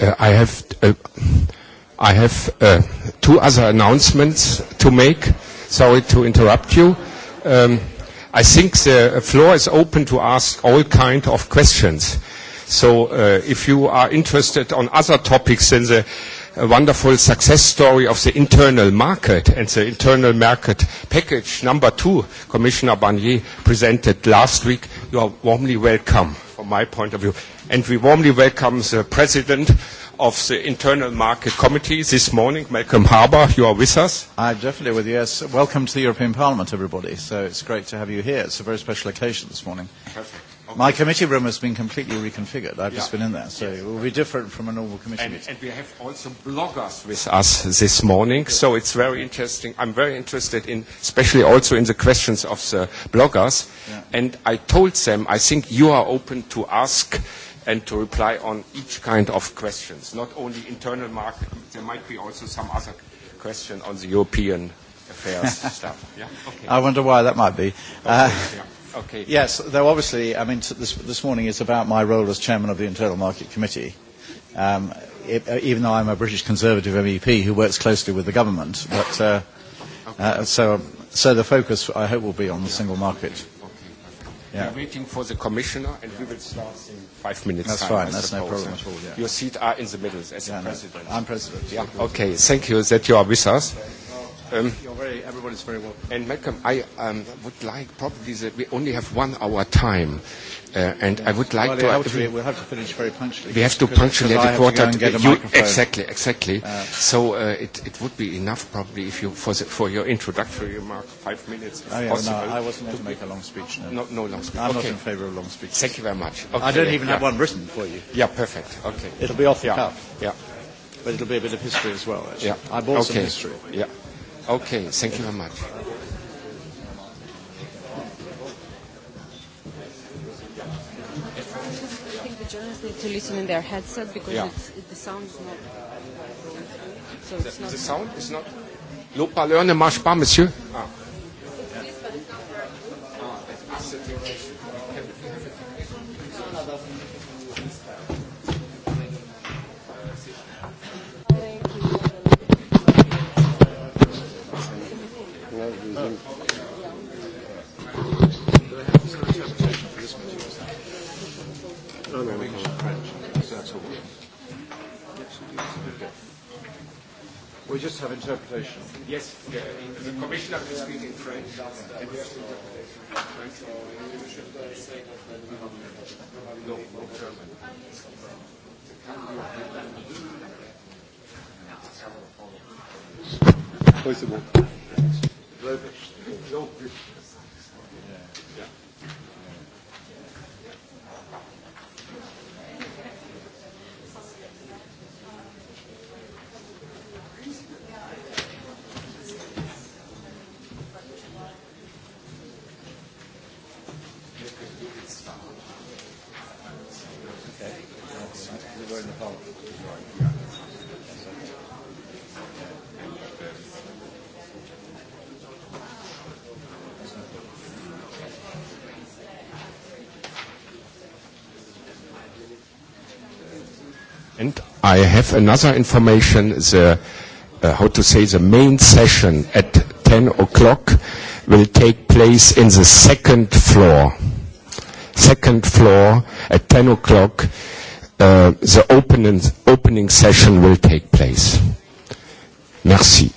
I have uh, I have uh, two other announcements to make. Sorry to interrupt you. Um, I think the floor is open to ask all kinds of questions. So uh, if you are interested on other topics than the wonderful success story of the internal market and the internal market package number two Commissioner Barnier presented last week, you are warmly welcome from my point of view and we warmly welcome the President of the Internal Market Committee this morning, Malcolm Harbour. You are with us. I'm definitely with you. Yes. Welcome to the European Parliament, everybody. So it's great to have you here. It's a very special occasion this morning. Perfect. My committee room has been completely reconfigured. I've just been in there, so it will be different from a normal committee and, meeting. And we have also bloggers with us this morning, so it's very interesting. I'm very interested in, especially also in the questions of the bloggers. And I told them, I think you are open to ask and to reply on each kind of questions, not only internal market. There might be also some other question on the European affairs stuff. Yeah? Okay. I wonder why that might be. yeah. Okay. Yes, though obviously, I mean, this, this morning is about my role as chairman of the Internal Market Committee. Um, even though I'm a British Conservative MEP who works closely with the government, Okay. so the focus I hope will be on the single market. Yeah. We're waiting for the commissioner, and we will start in five minutes. That's time, fine. That's no problem at all. Yeah. Your seat are in the middle as yeah, president. I'm president. Yeah. Okay. Thank you that you are with us. Um, You're very, everybody's very welcome. And Malcolm, I um, would like probably that we only have one hour time and I would like to. Have have to finish very punctually. We have to punctually every quarter. To get you, exactly, exactly. Uh, so uh, it, it would be enough probably if you for, the, for your introductory remark, five minutes. If oh, yeah, No, I wasn't going to make a long speech. No, no, no long speech. I'm not in favour of long speeches. Thank you very much. Okay. I don't even yeah. have one written for you. Yeah, perfect. Okay. It'll be off the yeah. cuff. Yeah. But it'll be a bit of history as well. Actually. Yeah. I bought okay. some history. Yeah. Okay. Thank you very much. I think the journalists need to listen in their headset because yeah. it's, it, the sound is not going through. So it's not the sound is not. L'eau parleur ne marche pas, monsieur. Ah. Yes, the, the commissioner is speak in French. no, Oui, c'est bon. I have another information, the, uh, how to say, the main session at 10 o'clock will take place in the second floor. Second floor at 10 o'clock, uh, the opening, opening session will take place. Merci.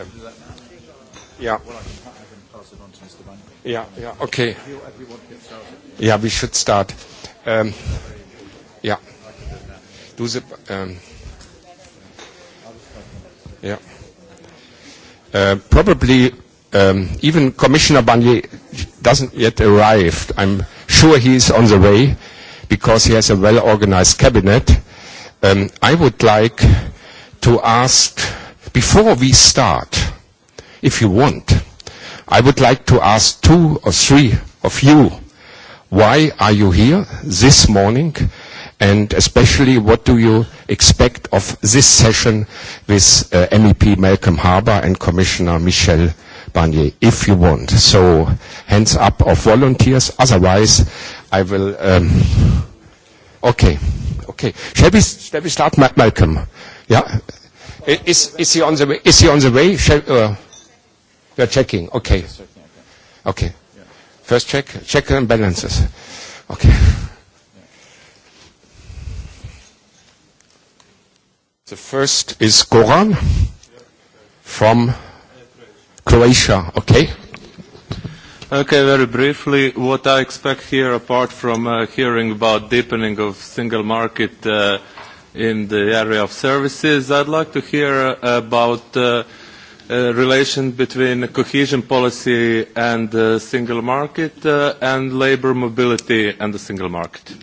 Um, yeah. Yeah, yeah, okay. Yeah, we should start. Um, yeah. Do the, um, yeah. Uh, probably um, even Commissioner Barnier doesn't yet arrived. I'm sure he is on the way because he has a well-organized cabinet. Um, I would like to ask Before we start, if you want, I would like to ask two or three of you, why are you here this morning? And especially, what do you expect of this session with uh, MEP Malcolm Harbour and Commissioner Michel Barnier, if you want? So, hands up of volunteers. Otherwise, I will. Um, okay, okay. Shall we, shall we start, Malcolm? Yeah. Is he on the way? Is he on the way? Shall, uh, we are checking. Okay. Okay. First check. Check and balances. Okay. The first is Goran from Croatia. Okay. Okay, very briefly, what I expect here, apart from hearing about deepening of single market in the area of services. I'd like to hear about uh, uh, relation between cohesion policy and the single market uh, and labor mobility and the single market.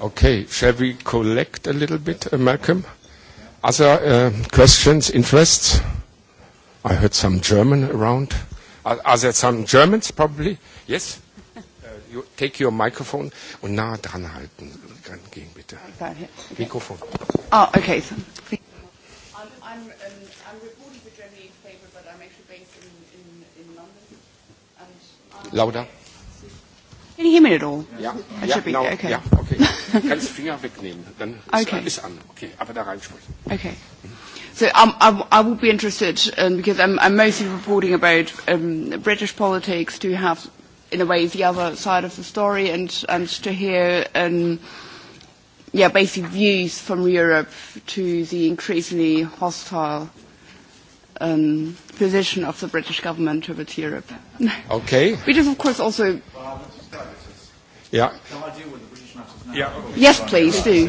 Okay, shall we collect a little bit, uh, Malcolm? Other uh, questions, interests? I heard some German around. Are, are there some Germans, probably? Yes? you, take your microphone und nah dran halten. Gehen bitte. Mikrofon. Ah, oh, okay. So, I'm, Lauter. Can you hear me at all? Ja, yeah. be, no, okay. Yeah, okay. Ganz Finger wegnehmen, dann ist, okay. ist an. Okay, aber da reinsprechen. Okay. So um, I, I will be interested, um, because I'm, I'm mostly reporting about um, British politics, to have in a way, the other side of the story and, and to hear um, yeah, basic views from Europe to the increasingly hostile um, position of the British government towards Europe. Okay. Which is, of course, also. Yeah. Yes, please do.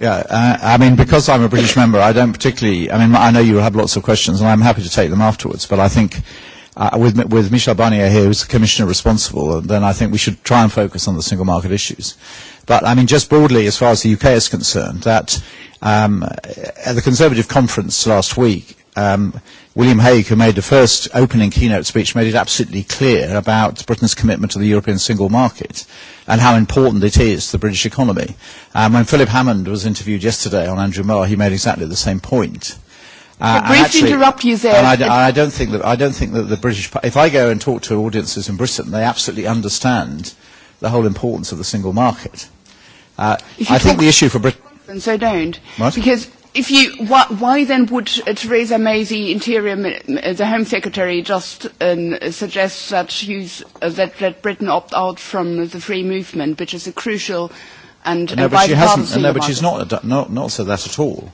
yeah, uh, I mean, because I'm a British member, I don't particularly. I mean, I know you have lots of questions, and I'm happy to take them afterwards. But I think uh, with, with Michel Barnier here, who's the commissioner responsible, then I think we should try and focus on the single market issues. But I mean, just broadly, as far as the UK is concerned, that um, at the Conservative conference last week, um, William Hague, who made the first opening keynote speech, made it absolutely clear about Britain's commitment to the European single market and how important it is to the British economy. Um, when Philip Hammond was interviewed yesterday on Andrew Marr, he made exactly the same point Uh, brief actually, interrupt you there. And I, I don't think that I don't think that the British. If I go and talk to audiences in Britain, they absolutely understand the whole importance of the single market. Uh, I think the issue for Britain. So don't. What? Because if you why, why then would uh, Theresa May, the Interior, uh, the Home Secretary, just um, suggest that, she's, uh, that that Britain opt out from the free movement, which is a crucial and no, but she hasn't. No, but she's not not not said that at all.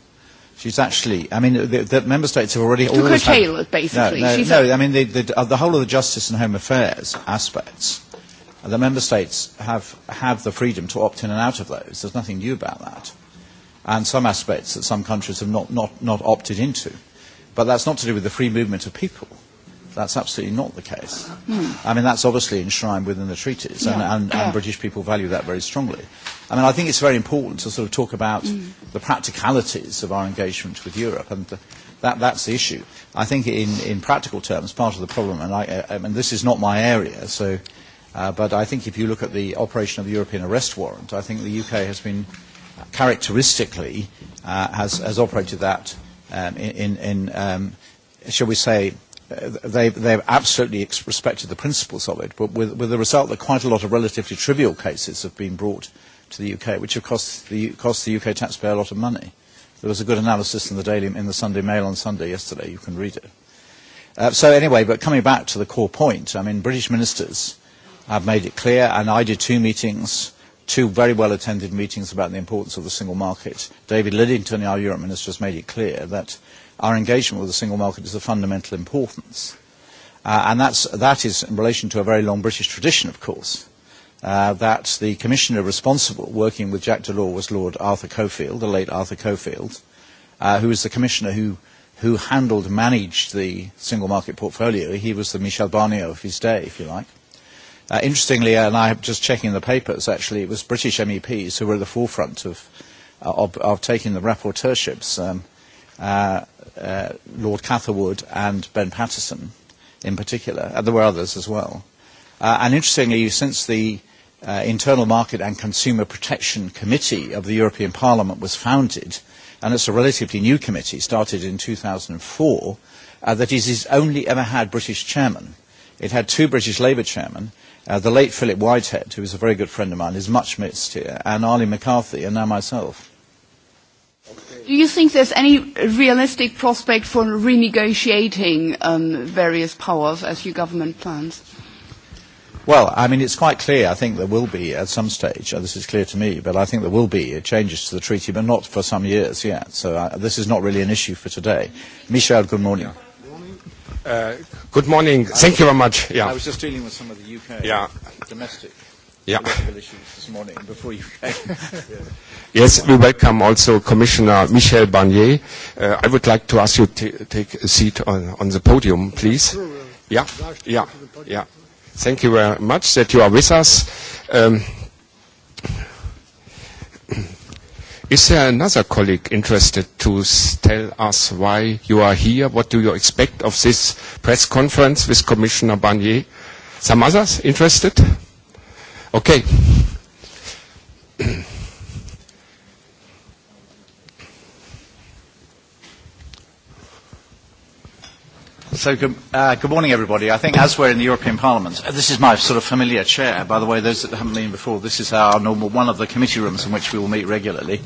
She's actually, I mean, the, the member states have already... To curtail it, basically. No, no, no I mean, the, the, uh, the whole of the justice and home affairs aspects, the member states have, have the freedom to opt in and out of those. There's nothing new about that. And some aspects that some countries have not, not, not opted into. But that's not to do with the free movement of people. That's absolutely not the case. Mm. I mean, that's obviously enshrined within the treaties, and, yeah. and, and yeah. British people value that very strongly. I mean, I think it's very important to sort of talk about mm. the practicalities of our engagement with Europe, and the, that, that's the issue. I think in, in practical terms, part of the problem, and I, I mean, this is not my area, so, uh, but I think if you look at the operation of the European arrest warrant, I think the UK has been characteristically uh, has, has operated that um, in, in um, shall we say, they've, they've absolutely respected the principles of it, but with, with the result that quite a lot of relatively trivial cases have been brought to the UK, which have cost the, cost the UK taxpayer a lot of money. There was a good analysis in the, Daily, in the Sunday Mail on Sunday yesterday. You can read it. Uh, so anyway, but coming back to the core point, I mean, British ministers have made it clear, and I did two meetings, two very well-attended meetings about the importance of the single market. David Lidington, our Europe Minister, has made it clear that our engagement with the single market is of fundamental importance. Uh, and that's, that is in relation to a very long British tradition, of course, uh, that the commissioner responsible working with Jack Delors was Lord Arthur Cofield, the late Arthur Cofield, uh, who was the commissioner who, who handled, managed the single market portfolio. He was the Michel Barnier of his day, if you like. Uh, interestingly, and I'm just checking the papers, actually, it was British MEPs who were at the forefront of, uh, of, of taking the rapporteurships um, uh, Lord Catherwood and Ben Patterson in particular. And there were others as well. Uh, and interestingly, since the uh, Internal Market and Consumer Protection Committee of the European Parliament was founded, and it's a relatively new committee, started in 2004, uh, that is, has only ever had British chairmen. It had two British Labour chairmen. Uh, the late Philip Whitehead, who is a very good friend of mine, is much missed here, and Arlene McCarthy, and now myself do you think there's any realistic prospect for renegotiating um, various powers as your government plans? Well, I mean, it's quite clear. I think there will be at some stage. This is clear to me, but I think there will be changes to the treaty, but not for some years yet. So uh, this is not really an issue for today. Michel, good morning. Uh, good morning. Thank you very much. Yeah. I was just dealing with some of the UK yeah. domestic Yeah. this morning before you came. Yes, we welcome also Commissioner Michel Barnier. I would like to ask you to take a seat on the podium, please. Yeah. Yeah. Yeah. Thank you very much that you are with us. Is there another colleague interested to tell us why you are here? What do you expect of this press conference with Commissioner Barnier? Some others interested? Okay. So good, uh, good morning, everybody. I think as we're in the European Parliament, uh, this is my sort of familiar chair. By the way, those that haven't been before, this is our normal one of the committee rooms in which we will meet regularly.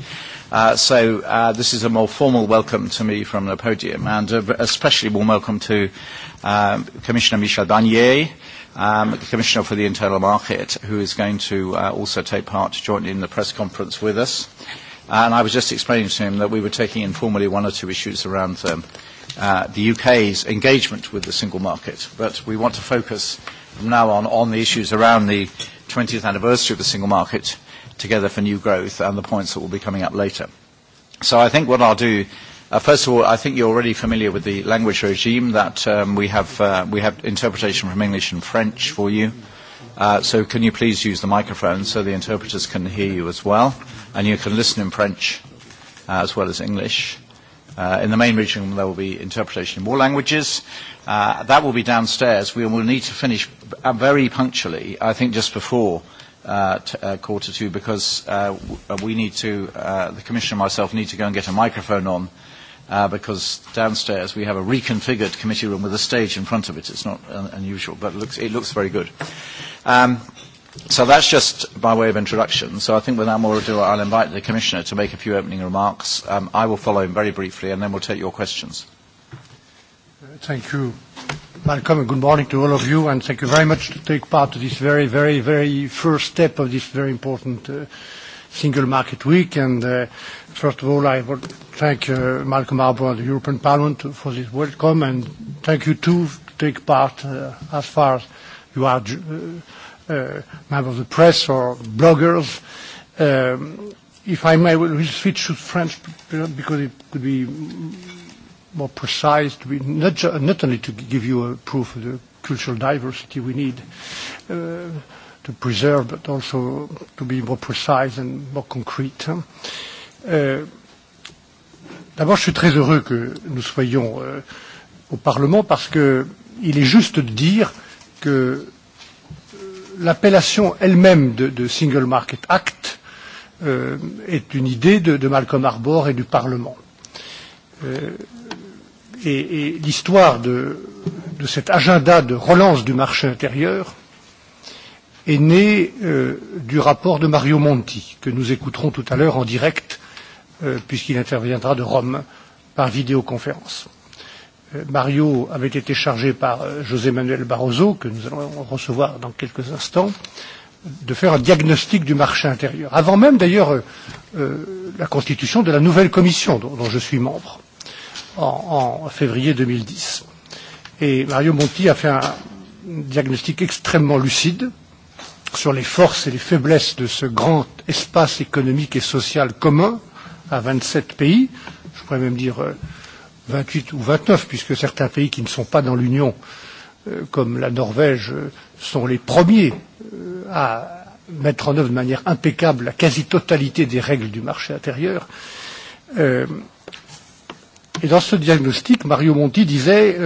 Uh, so uh, this is a more formal welcome to me from the podium, and a especially warm welcome to uh, Commissioner Michel Barnier, um, the Commissioner for the Internal Market, who is going to uh, also take part jointly in the press conference with us. And I was just explaining to him that we were taking informally one or two issues around um, uh, the UK's engagement with the single market, but we want to focus from now on on the issues around the 20th anniversary of the single market, Together for New Growth, and the points that will be coming up later. So I think what I'll do First of all, I think you're already familiar with the language regime that we have interpretation from English and French for you. So can you please use the microphone so the interpreters can hear you as well, and you can listen in French as well as English. In the main meeting room, there will be interpretation in more languages. That will be downstairs. We will need to finish very punctually, I think just before quarter two, because we need to, the commissioner and myself need to go and get a microphone on uh, because downstairs we have a reconfigured committee room with a stage in front of it. It's not un- unusual, but it looks, it looks very good. Um, so that's just by way of introduction. So I think without more ado, I'll invite the Commissioner to make a few opening remarks. Um, I will follow him very briefly, and then we'll take your questions. Thank you, Malcolm, and good morning to all of you, and thank you very much to take part to this very, very, very first step of this very important uh, Single Market Week. And uh, first of all, I would thank uh, Malcolm Harbour and the European Parliament for this welcome, and thank you too to take part uh, as far as you are uh, uh, member of the press or bloggers. Um, if I may, we'll switch to French because it could be more precise, to be not, not only to give you a proof of the cultural diversity we need. Uh, to preserve, but also to be more precise and more concrete. Euh, D'abord, je suis très heureux que nous soyons euh, au Parlement parce qu'il est juste de dire que l'appellation elle-même de, de Single Market Act euh, est une idée de, de Malcolm Harbour et du Parlement. Euh, et et l'histoire de, de cet agenda de relance du marché intérieur est né du rapport de Mario Monti, que nous écouterons tout à l'heure en direct, puisqu'il interviendra de Rome par vidéoconférence. Mario avait été chargé par José Manuel Barroso, que nous allons recevoir dans quelques instants, de faire un diagnostic du marché intérieur, avant même d'ailleurs la constitution de la nouvelle commission dont, je suis membre en, en février 2010. Et Mario Monti a fait un diagnostic extrêmement lucide sur les forces et les faiblesses de ce grand espace économique et social commun à 27 pays, je pourrais même dire 28 ou 29, puisque certains pays qui ne sont pas dans l'Union, comme la Norvège, sont les premiers à mettre en œuvre de manière impeccable la quasi-totalité des règles du marché intérieur. et dans ce diagnostic, Mario Monti disait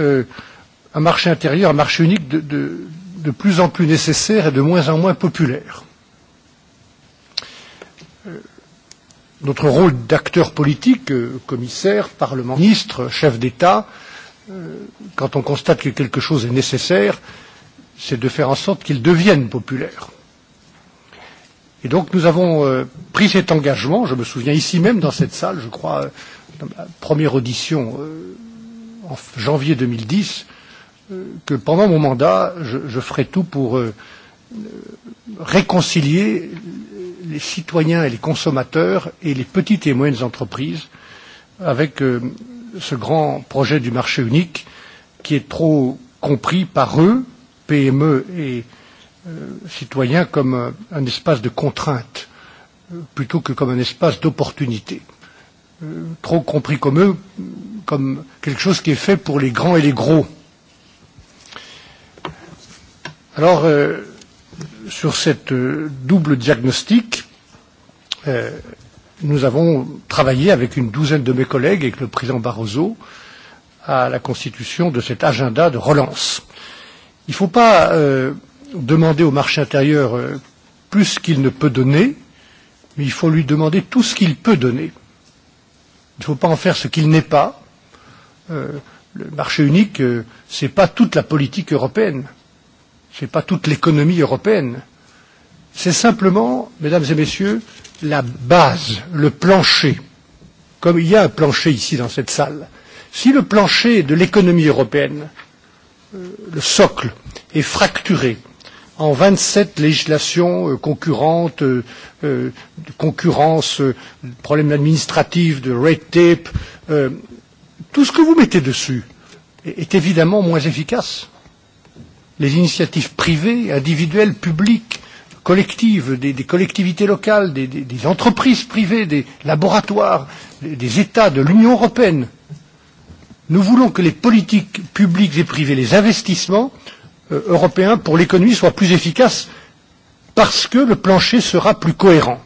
un marché intérieur, un marché unique de, de, de plus en plus nécessaire et de moins en moins populaire. Notre rôle d'acteur politique, commissaire, parlement, ministre, chef d'État, quand on constate que quelque chose est nécessaire, c'est de faire en sorte qu'il devienne populaire. Et donc nous avons pris cet engagement, je me souviens ici même dans cette salle, je crois, dans ma première audition en janvier 2010, que pendant mon mandat, je, je ferai tout pour euh, réconcilier les citoyens et les consommateurs et les petites et moyennes entreprises avec euh, ce grand projet du marché unique qui est trop compris par eux, PME et euh, citoyens, comme un, un espace de contrainte euh, plutôt que comme un espace d'opportunité. Euh, trop compris comme eux, comme quelque chose qui est fait pour les grands et les gros. Alors, euh, sur cette double diagnostic, euh, nous avons travaillé avec une douzaine de mes collègues, avec le président Barroso, à la constitution de cet agenda de relance. Il ne faut pas euh, demander au marché intérieur euh, plus qu'il ne peut donner, mais il faut lui demander tout ce qu'il peut donner. Il ne faut pas en faire ce qu'il n'est pas. Euh, le marché unique, euh, ce n'est pas toute la politique européenne ce n'est pas toute l'économie européenne. C'est simplement, mesdames et messieurs, la base, le plancher. Comme il y a un plancher ici dans cette salle. Si le plancher de l'économie européenne, le socle, est fracturé en vingt sept législations concurrentes, de concurrence, problèmes administratifs, de red tape, tout ce que vous mettez dessus est évidemment moins efficace les initiatives privées, individuelles, publiques, collectives, des, des collectivités locales, des, des, des entreprises privées, des laboratoires, des, des États, de l'Union européenne. Nous voulons que les politiques publiques et privées, les investissements euh, européens pour l'économie soient plus efficaces parce que le plancher sera plus cohérent,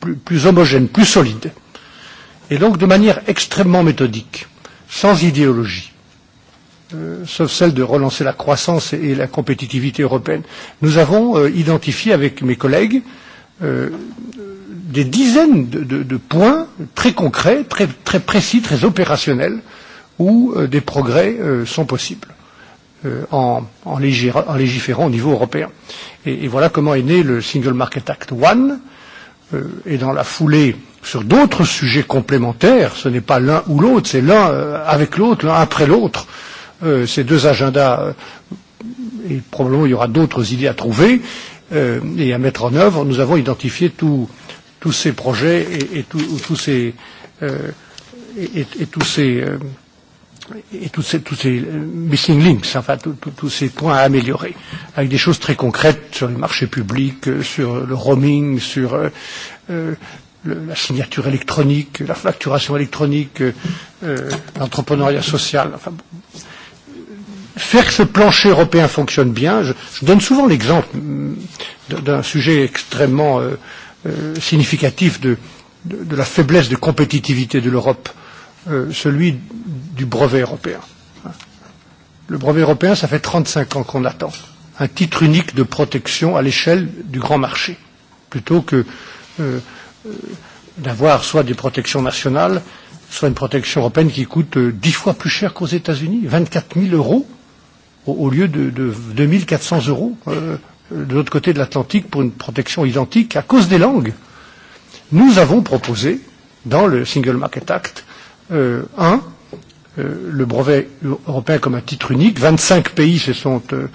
plus, plus homogène, plus solide. Et donc de manière extrêmement méthodique, sans idéologie sauf celle de relancer la croissance et la compétitivité européenne. Nous avons identifié avec mes collègues des dizaines de, points très concrets, très, précis, très opérationnels, où des progrès sont possibles en, légiférant au niveau européen. Et, voilà comment est né le Single Market Act One, et dans la foulée sur d'autres sujets complémentaires, ce n'est pas l'un ou l'autre, c'est l'un avec l'autre, l'un après l'autre, euh, euh, ces deux agendas, et probablement il y aura d'autres idées à trouver euh, et à mettre en œuvre, nous avons identifié tous ces projets et, et, tout, tous ces, euh, et, et tous ces euh, et tous ces, tous ces missing links, enfin tous ces points à améliorer, avec des choses très concrètes sur les marchés publics, sur le roaming, sur euh, le, la signature électronique, la facturation électronique, euh, l'entrepreneuriat social. Enfin, faire que ce plancher européen fonctionne bien, je, je donne souvent l'exemple d'un sujet extrêmement euh, euh, significatif de, de, de la faiblesse de compétitivité de l'Europe, euh, celui du brevet européen. Le brevet européen, ça fait 35 ans qu'on attend un titre unique de protection à l'échelle du grand marché, plutôt que euh, euh, d'avoir soit des protections nationales, soit une protection européenne qui coûte dix fois plus cher qu'aux États-Unis, 24 000 euros au, au lieu de, de 2400 euros euh, de l'autre côté de l'Atlantique pour une protection identique à cause des langues. Nous avons proposé, dans le Single Market Act, euh, un, euh, le brevet européen comme un titre unique. 25 pays se sont euh,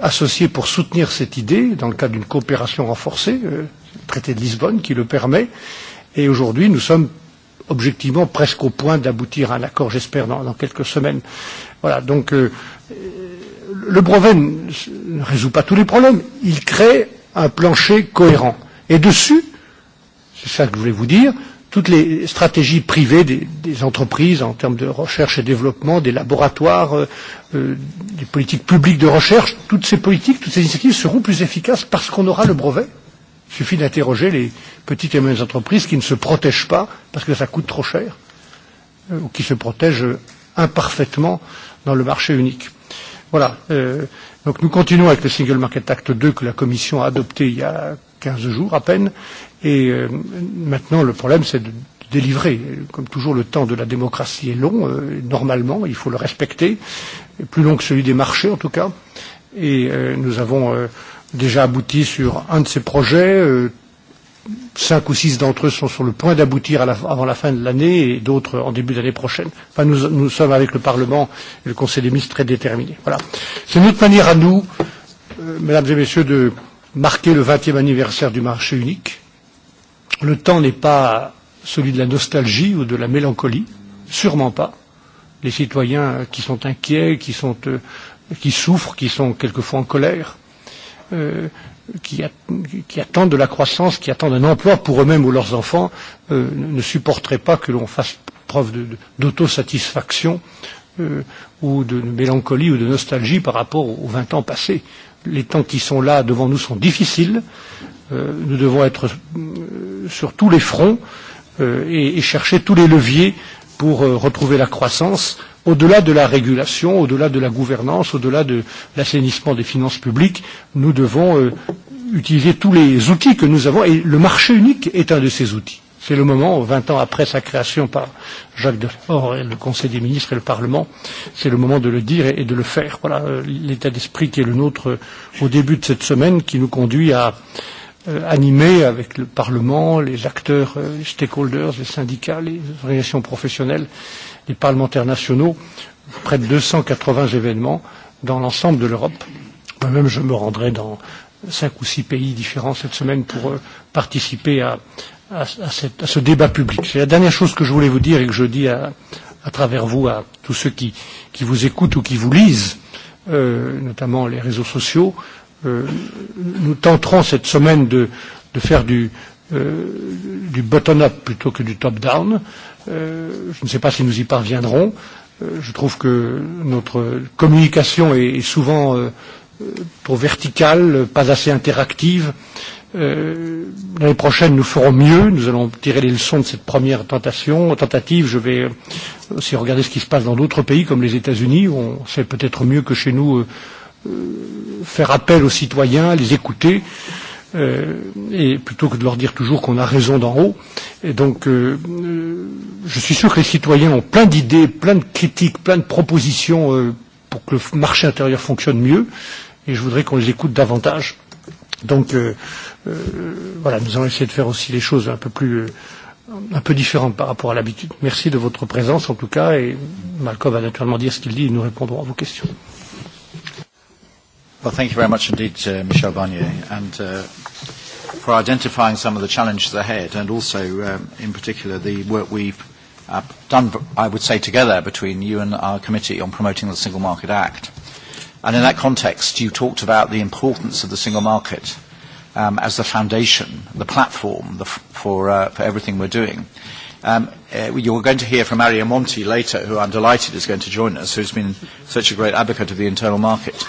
associés pour soutenir cette idée dans le cadre d'une coopération renforcée, euh, le traité de Lisbonne qui le permet. Et aujourd'hui, nous sommes objectivement presque au point d'aboutir à un accord, j'espère, dans, dans quelques semaines. Voilà, donc euh, le brevet ne résout pas tous les problèmes, il crée un plancher cohérent. Et dessus, c'est ça que je voulais vous dire, toutes les stratégies privées des, des entreprises en termes de recherche et développement, des laboratoires, euh, euh, des politiques publiques de recherche, toutes ces politiques, toutes ces initiatives seront plus efficaces parce qu'on aura le brevet. Il suffit d'interroger les petites et moyennes entreprises qui ne se protègent pas parce que ça coûte trop cher euh, ou qui se protègent imparfaitement dans le marché unique. Voilà. Euh, donc nous continuons avec le Single Market Act 2 que la Commission a adopté il y a 15 jours à peine. Et euh, maintenant, le problème, c'est de délivrer. Comme toujours, le temps de la démocratie est long. Euh, normalement, il faut le respecter. Plus long que celui des marchés, en tout cas. Et euh, nous avons euh, déjà abouti sur un de ces projets. Euh, cinq ou six d'entre eux sont sur le point d'aboutir avant la fin de l'année et d'autres en début d'année prochaine. Enfin, nous, nous sommes avec le Parlement et le Conseil des ministres très déterminés. Voilà. C'est notre manière à nous, euh, mesdames et messieurs, de marquer le 20e anniversaire du marché unique. Le temps n'est pas celui de la nostalgie ou de la mélancolie, sûrement pas. Les citoyens qui sont inquiets, qui, sont, euh, qui souffrent, qui sont quelquefois en colère, euh, qui, qui attendent de la croissance, qui attendent un emploi pour eux-mêmes ou leurs enfants, euh, ne supporteraient pas que l'on fasse preuve d'autosatisfaction euh, ou de mélancolie ou de nostalgie par rapport aux 20 ans passés. Les temps qui sont là devant nous sont difficiles. Euh, nous devons être sur tous les fronts euh, et, et chercher tous les leviers pour euh, retrouver la croissance, Au-delà de la régulation, au-delà de la gouvernance, au-delà de l'assainissement des finances publiques, nous devons euh, utiliser tous les outils que nous avons et le marché unique est un de ces outils. C'est le moment, 20 ans après sa création par Jacques Delors et le Conseil des ministres et le Parlement, c'est le moment de le dire et de le faire. Voilà l'état d'esprit qui est le nôtre au début de cette semaine qui nous conduit à animer avec le Parlement, les acteurs, les stakeholders, les syndicats, les organisations professionnelles, euh, les parlementaires nationaux, près de 280 événements dans l'ensemble de l'Europe. Moi-même, je me rendrai dans cinq ou six pays différents cette semaine pour participer à, à, à, cette, à ce débat public. C'est la dernière chose que je voulais vous dire et que je dis à, à travers vous, à tous ceux qui, qui vous écoutent ou qui vous lisent, euh, notamment les réseaux sociaux. Euh, nous tenterons cette semaine de, de faire du, du bottom-up plutôt que du top-down. Euh, je ne sais pas si nous y parviendrons. Euh, je trouve que notre communication est, est souvent euh, trop verticale, pas assez interactive. Euh, L'année prochaine, nous ferons mieux. Nous allons tirer les leçons de cette première tentation, tentative. Je vais aussi regarder ce qui se passe dans d'autres pays comme les États-Unis. où On sait peut-être mieux que chez nous euh, euh, faire appel aux citoyens, les écouter. Euh, euh, et plutôt que de leur dire toujours qu'on a raison d'en haut. Et donc, euh, je suis sûr que les citoyens ont plein d'idées, plein de critiques, plein de propositions euh, pour que le marché intérieur fonctionne mieux, et je voudrais qu'on les écoute davantage. Donc, euh, euh, voilà, nous allons essayer de faire aussi les choses un peu plus. Euh, un peu différent par rapport à l'habitude. Merci de votre présence en tout cas et Malcolm va naturellement dire ce qu'il dit et nous répondrons à vos questions. Well, thank you very much indeed, uh, Michel Barnier, and uh, for identifying some of the challenges ahead, and also, um, in particular, the work we've uh, done, I would say, together between you and our committee on promoting the Single Market Act. And in that context, you talked about the importance of the single market um, as the foundation, the platform the f- for, uh, for everything we're doing. Um, uh, you're going to hear from Mario Monti later, who I'm delighted is going to join us, who's been such a great advocate of the internal market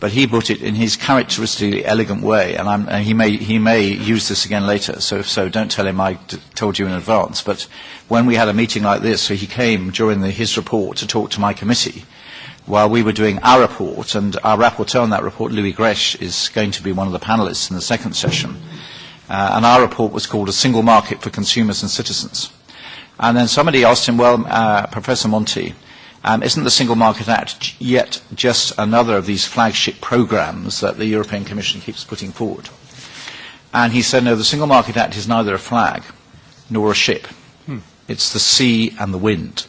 but he put it in his characteristically elegant way, and, I'm, and he, may, he may use this again later, so if so, don't tell him I d- told you in advance. But when we had a meeting like this, so he came during the, his report to talk to my committee while we were doing our report, and our rapporteur on that report, Louis Gresh, is going to be one of the panelists in the second session. Uh, and our report was called A Single Market for Consumers and Citizens. And then somebody asked him, well, uh, Professor Monti, Um, isn't the Single Market Act yet just another of these flagship programs that the European Commission keeps putting forward? And he said, no, the Single Market Act is neither a flag nor a ship. Hmm. It's the sea and the wind.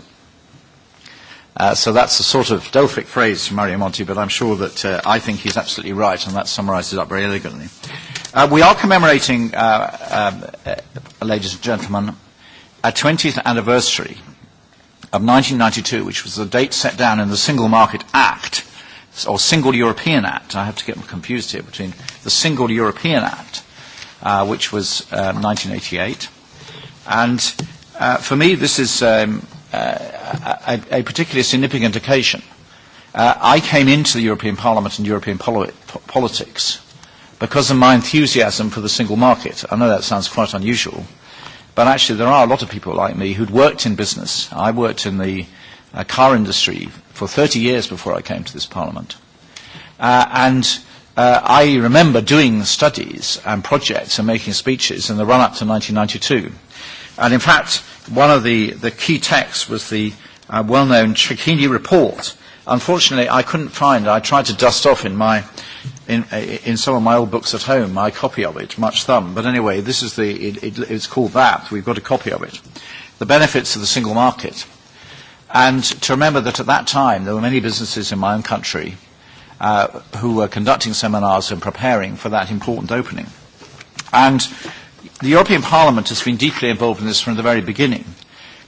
Uh, so that's a sort of Delphic phrase from Mario Monti, but I'm sure that uh, I think he's absolutely right, and that summarises up very elegantly. Uh, we are commemorating, uh, uh, ladies and gentlemen, a 20th anniversary of 1992, which was the date set down in the Single Market Act, or Single European Act. I have to get confused here between the Single European Act, uh, which was uh, 1988. And uh, for me, this is um, uh, a, a particularly significant occasion. Uh, I came into the European Parliament and European poli- politics because of my enthusiasm for the single market. I know that sounds quite unusual, But actually, there are a lot of people like me who'd worked in business. I worked in the uh, car industry for 30 years before I came to this parliament. Uh, and uh, I remember doing studies and projects and making speeches in the run-up to 1992. And in fact, one of the, the key texts was the uh, well-known Cecchini report. Unfortunately, I couldn't find, I tried to dust off in my in, in some of my old books at home, my copy of it, much thumb. But anyway, this is the, it, it, it's called that. We've got a copy of it. The benefits of the single market. And to remember that at that time, there were many businesses in my own country uh, who were conducting seminars and preparing for that important opening. And the European Parliament has been deeply involved in this from the very beginning.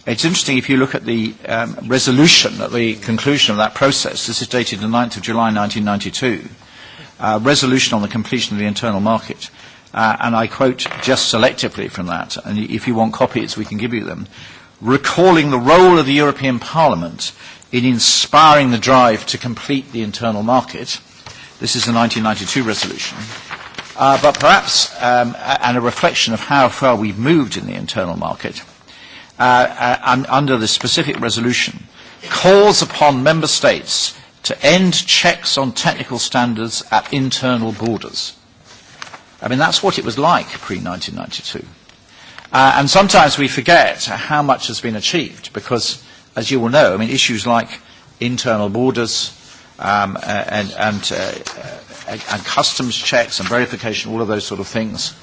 It's interesting if you look at the um, resolution at the conclusion of that process. This is dated the 9th of July 1992 resolution on the completion of the internal market. Uh, and I quote just selectively from that, and if you want copies, we can give you them. Recalling the role of the European Parliament in inspiring the drive to complete the internal market. This is the 1992 resolution. Uh, but perhaps, um, and a reflection of how far we've moved in the internal market, uh, uh, under this specific resolution, calls upon member states to end checks on technical standards at internal borders. I mean, that's what it was like pre-1992. Uh, and sometimes we forget how much has been achieved because, as you will know, I mean, issues like internal borders um, and, and, uh, and customs checks and verification, all of those sort of things,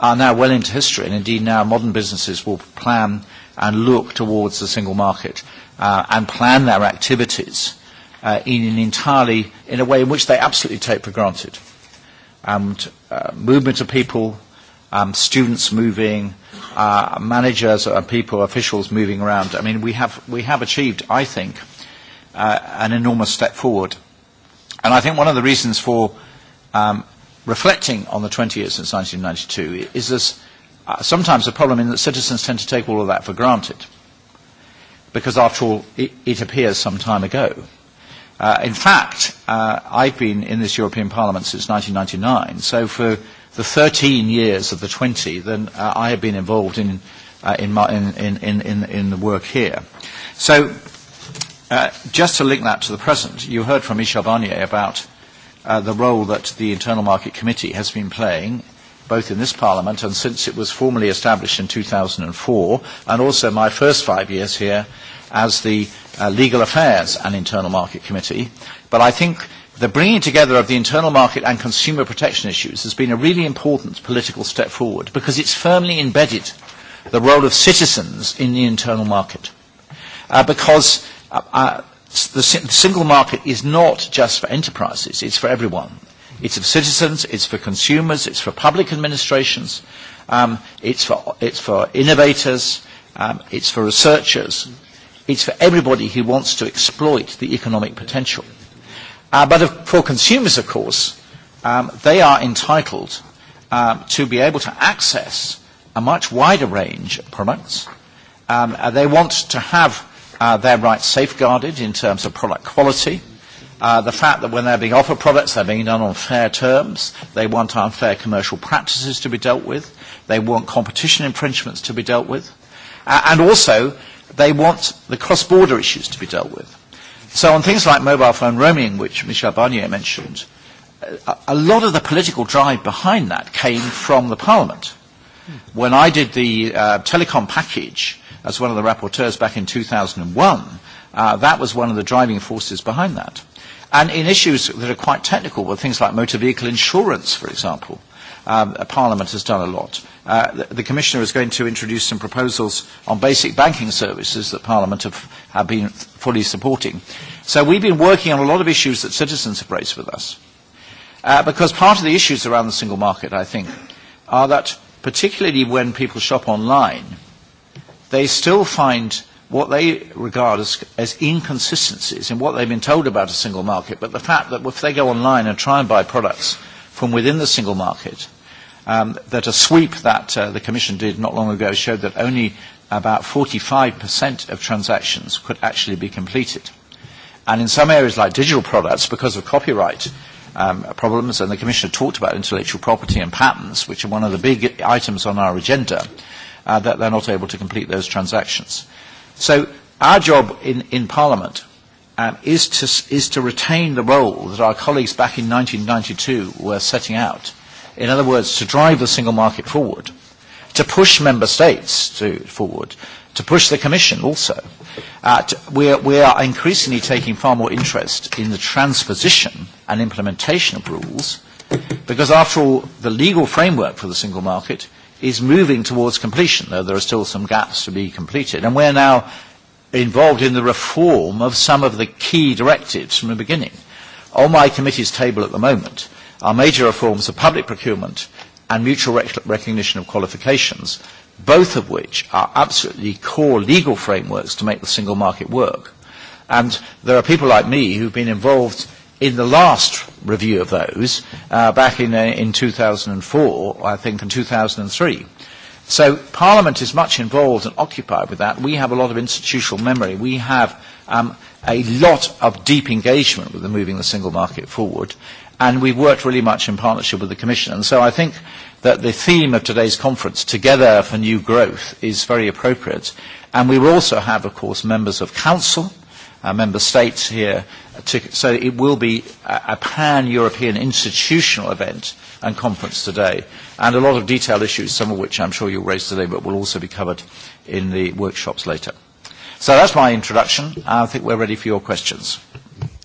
are now well into history. And indeed, now modern businesses will plan and look towards the single market uh, and plan their activities uh, in an entirely, in a way in which they absolutely take for granted. And uh, movement of people, um, students moving, uh, managers and people, officials moving around. I mean, we have, we have achieved, I think, uh, an enormous step forward. And I think one of the reasons for um, reflecting on the 20 years since 1992 is this uh, sometimes a problem in that citizens tend to take all of that for granted. Because after all, it, it appears some time ago. Uh, in fact, uh, I've been in this European Parliament since 1999, so for the 13 years of the 20, then uh, I have been involved in, uh, in, my, in, in, in, in the work here. So uh, just to link that to the present, you heard from Michel Barnier about uh, the role that the Internal Market Committee has been playing both in this Parliament and since it was formally established in 2004, and also my first five years here as the uh, Legal Affairs and Internal Market Committee, but I think the bringing together of the internal market and consumer protection issues has been a really important political step forward because it's firmly embedded the role of citizens in the internal market. Uh, because uh, uh, the single market is not just for enterprises, it's for everyone. It's for citizens, it's for consumers, it's for public administrations, um, it's, for, it's for innovators, um, it's for researchers. It's for everybody who wants to exploit the economic potential. Uh, but of, for consumers, of course, um, they are entitled um, to be able to access a much wider range of products. Um, they want to have uh, their rights safeguarded in terms of product quality, uh, the fact that when they're being offered products, they're being done on fair terms. They want unfair commercial practices to be dealt with. They want competition infringements to be dealt with. Uh, and also, they want the cross-border issues to be dealt with. So on things like mobile phone roaming, which Michel Barnier mentioned, a lot of the political drive behind that came from the Parliament. When I did the uh, telecom package as one of the rapporteurs back in 2001, uh, that was one of the driving forces behind that. And in issues that are quite technical, were things like motor vehicle insurance, for example, um, Parliament has done a lot. Uh, the, the Commissioner is going to introduce some proposals on basic banking services that Parliament have, have been fully supporting. So we've been working on a lot of issues that citizens have raised with us. Uh, because part of the issues around the single market, I think, are that particularly when people shop online, they still find what they regard as, as inconsistencies in what they've been told about a single market, but the fact that if they go online and try and buy products from within the single market, um, that a sweep that uh, the Commission did not long ago showed that only about 45% of transactions could actually be completed. And in some areas like digital products, because of copyright um, problems, and the Commissioner talked about intellectual property and patents, which are one of the big items on our agenda, uh, that they're not able to complete those transactions. So our job in, in Parliament um, is, to, is to retain the role that our colleagues back in 1992 were setting out – In other words, to drive the single market forward, to push member states to, forward, to push the Commission also. Uh, we, are, we are increasingly taking far more interest in the transposition and implementation of rules, because after all, the legal framework for the single market is moving towards completion, though there are still some gaps to be completed. And we're now involved in the reform of some of the key directives from the beginning. On my committee's table at the moment, Our major reforms are public procurement and mutual rec- recognition of qualifications, both of which are absolutely core legal frameworks to make the single market work. And there are people like me who've been involved in the last review of those uh, back in, uh, in 2004, I think, and 2003. So Parliament is much involved and occupied with that. We have a lot of institutional memory. We have um, a lot of deep engagement with the moving the single market forward and we've worked really much in partnership with the Commission. And so I think that the theme of today's conference, Together for New Growth, is very appropriate. And we will also have, of course, members of Council, uh, member states here, to, so it will be a, a pan-European institutional event and conference today, and a lot of detailed issues, some of which I'm sure you'll raise today, but will also be covered in the workshops later. So that's my introduction. I think we're ready for your questions.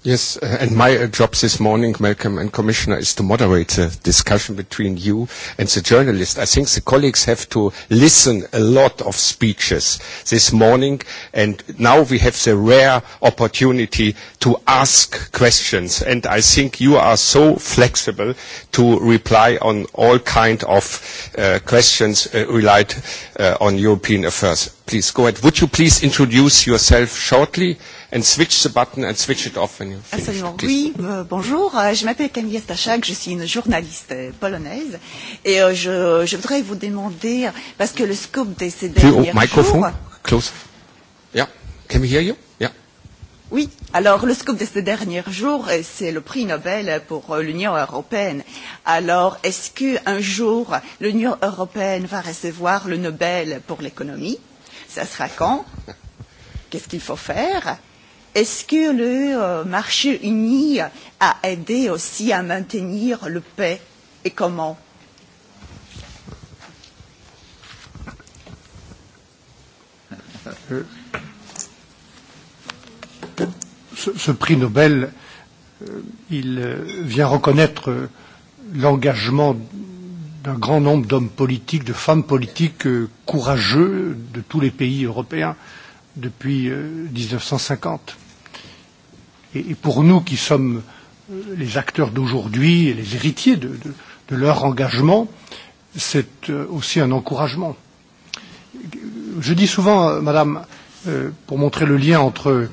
Yes, uh, and my uh, job this morning, Malcolm and Commissioner, is to moderate the discussion between you and the journalist. I think the colleagues have to listen a lot of speeches this morning, and now we have the rare opportunity to ask questions. And I think you are so flexible to reply on all kind of uh, questions uh, relied uh, on European affairs. Please go ahead. Would you please introduce yourself shortly and switch the button and switch it off when you finish? Absolument. Please. Oui, euh, bonjour. Je m'appelle Camille Stachak, je suis une journaliste polonaise et euh, je, je voudrais vous demander parce que le scope de ces derniers microphone? jours. Close. Yeah. Can we hear you? Yeah. Oui, alors le scoop de ces derniers jours, c'est le prix Nobel pour l'Union européenne. Alors, est-ce qu'un jour, l'Union européenne va recevoir le Nobel pour l'économie Ça sera quand Qu'est-ce qu'il faut faire Est-ce que le marché uni a aidé aussi à maintenir le paix et comment ce, ce prix Nobel, il vient reconnaître l'engagement d'un grand nombre d'hommes politiques, de femmes politiques courageux de tous les pays européens depuis mille neuf cent cinquante. Et pour nous qui sommes les acteurs d'aujourd'hui et les héritiers de, leur engagement, c'est aussi un encouragement. Je dis souvent, Madame, pour montrer le lien entre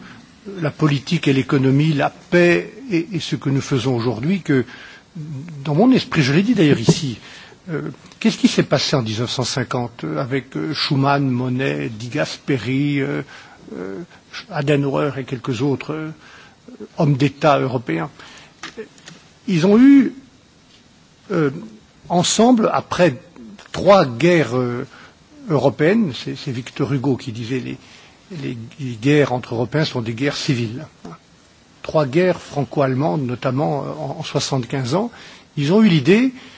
la politique et l'économie, la paix et, ce que nous faisons aujourd'hui, que dans mon esprit, je l'ai dit d'ailleurs ici, euh, Qu'est-ce qui s'est passé en 1950 avec Schumann, Monet, Digas, Perry, Adenauer et quelques autres hommes d'État européens Ils ont eu ensemble, après trois guerres européennes, c'est Victor Hugo qui disait les, les, les guerres entre Européens sont des guerres civiles. Trois guerres franco-allemandes, notamment en, en 75 ans, ils ont eu l'idée euh,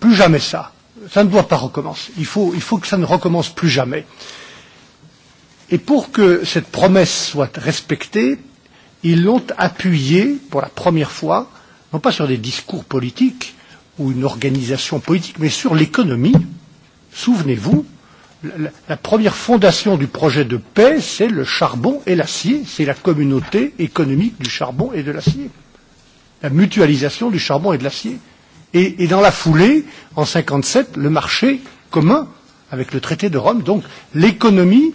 plus jamais ça. Ça ne doit pas recommencer. Il faut, il faut que ça ne recommence plus jamais. Et pour que cette promesse soit respectée, ils l'ont appuyée pour la première fois, non pas sur des discours politiques ou une organisation politique, mais sur l'économie. Souvenez-vous, la, la première fondation du projet de paix, c'est le charbon et l'acier, c'est la communauté économique du charbon et de l'acier, la mutualisation du charbon et de l'acier. Et, et dans la foulée, en 1957, le marché commun avec le traité de Rome, donc l'économie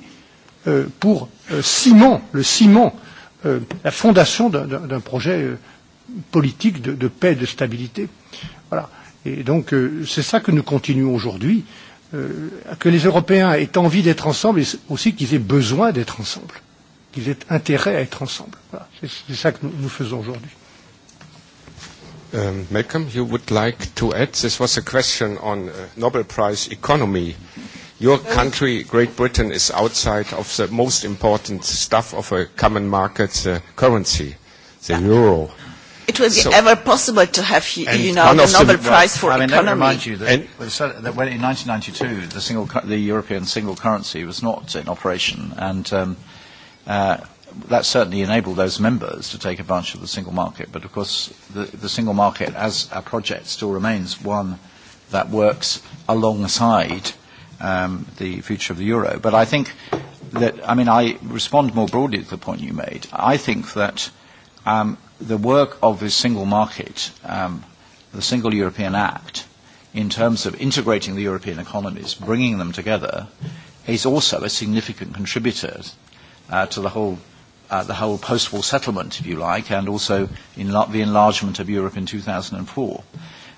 euh, pour euh, ciment, le ciment, euh, la fondation d'un projet euh, politique de, de paix et de stabilité. Voilà. Et donc euh, c'est ça que nous continuons aujourd'hui, euh, que les Européens aient envie d'être ensemble et aussi qu'ils aient besoin d'être ensemble, qu'ils aient intérêt à être ensemble. Voilà. C'est ça que nous, nous faisons aujourd'hui. Um, Malcolm, you would like to add? This was a question on uh, Nobel Prize economy. Your country, Great Britain, is outside of the most important stuff of a common market uh, currency, the yeah. euro. It would be so, ever possible to have, you know, the Nobel the, Prize for I mean, economy. Let me remind you that, and, that when in 1992 the, single, the European single currency was not in operation, and um, that certainly enabled those members to take advantage of the single market. But of course, the, the single market as a project still remains one that works alongside um, the future of the euro. But I think that, I mean, I respond more broadly to the point you made. I think that um, the work of the single market, um, the single European Act, in terms of integrating the European economies, bringing them together, is also a significant contributor uh, to the whole uh, the whole post-war settlement, if you like, and also in la- the enlargement of Europe in 2004.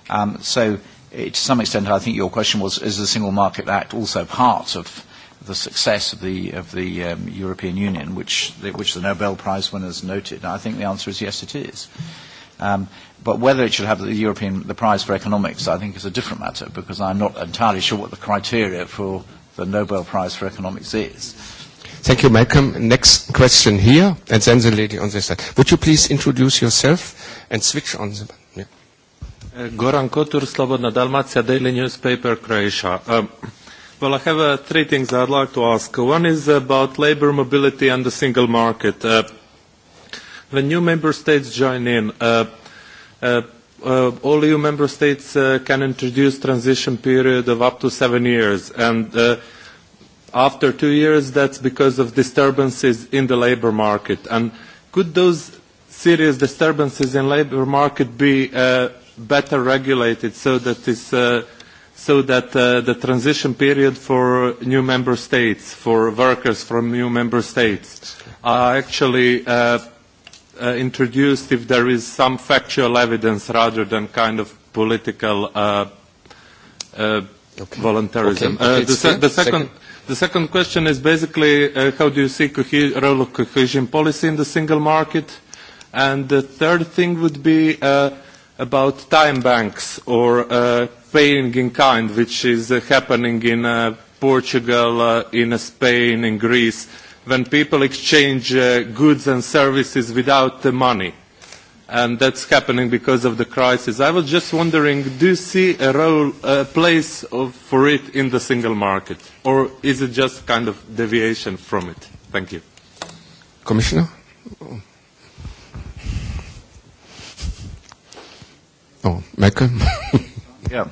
Um, so it, to some extent, I think your question was, is the Single Market Act also part of the success of the, of the um, European Union, which the, which the Nobel Prize winners noted? And I think the answer is yes, it is. Um, but whether it should have the European the prize for economics, I think, is a different matter because I'm not entirely sure what the criteria for the Nobel Prize for economics is. Thank you, Malcolm. Next question here, and then the lady on this side. Would you please introduce yourself and switch on the... Yeah. Goran Kotur, Slobodna Dalmatia, Daily Newspaper, Croatia. Um, well, I have uh, three things I'd like to ask. One is about labor mobility and the single market. Uh, when new member states join in, uh, uh, uh, all EU member states uh, can introduce transition period of up to seven years, and uh, after two years, that's because of disturbances in the labor market. And could those serious disturbances in labor market be uh, better regulated so that, this, uh, so that uh, the transition period for new member states, for workers from new member states, are actually uh, uh, introduced if there is some factual evidence rather than kind of political uh, uh, voluntarism. Uh, the, se- the second The second question is basically uh, how do you see the role of cohesion policy in the single market? And the third thing would be uh, about time banks or uh, paying in kind, which is uh, happening in uh, Portugal, uh, in uh, Spain, in Greece, when people exchange uh, goods and services without the money. And that's happening because of the crisis. I was just wondering, do you see a role, a place of, for it in the single market? or is it just kind of deviation from it? Thank you. Commissioner? Oh, Mecca? yeah.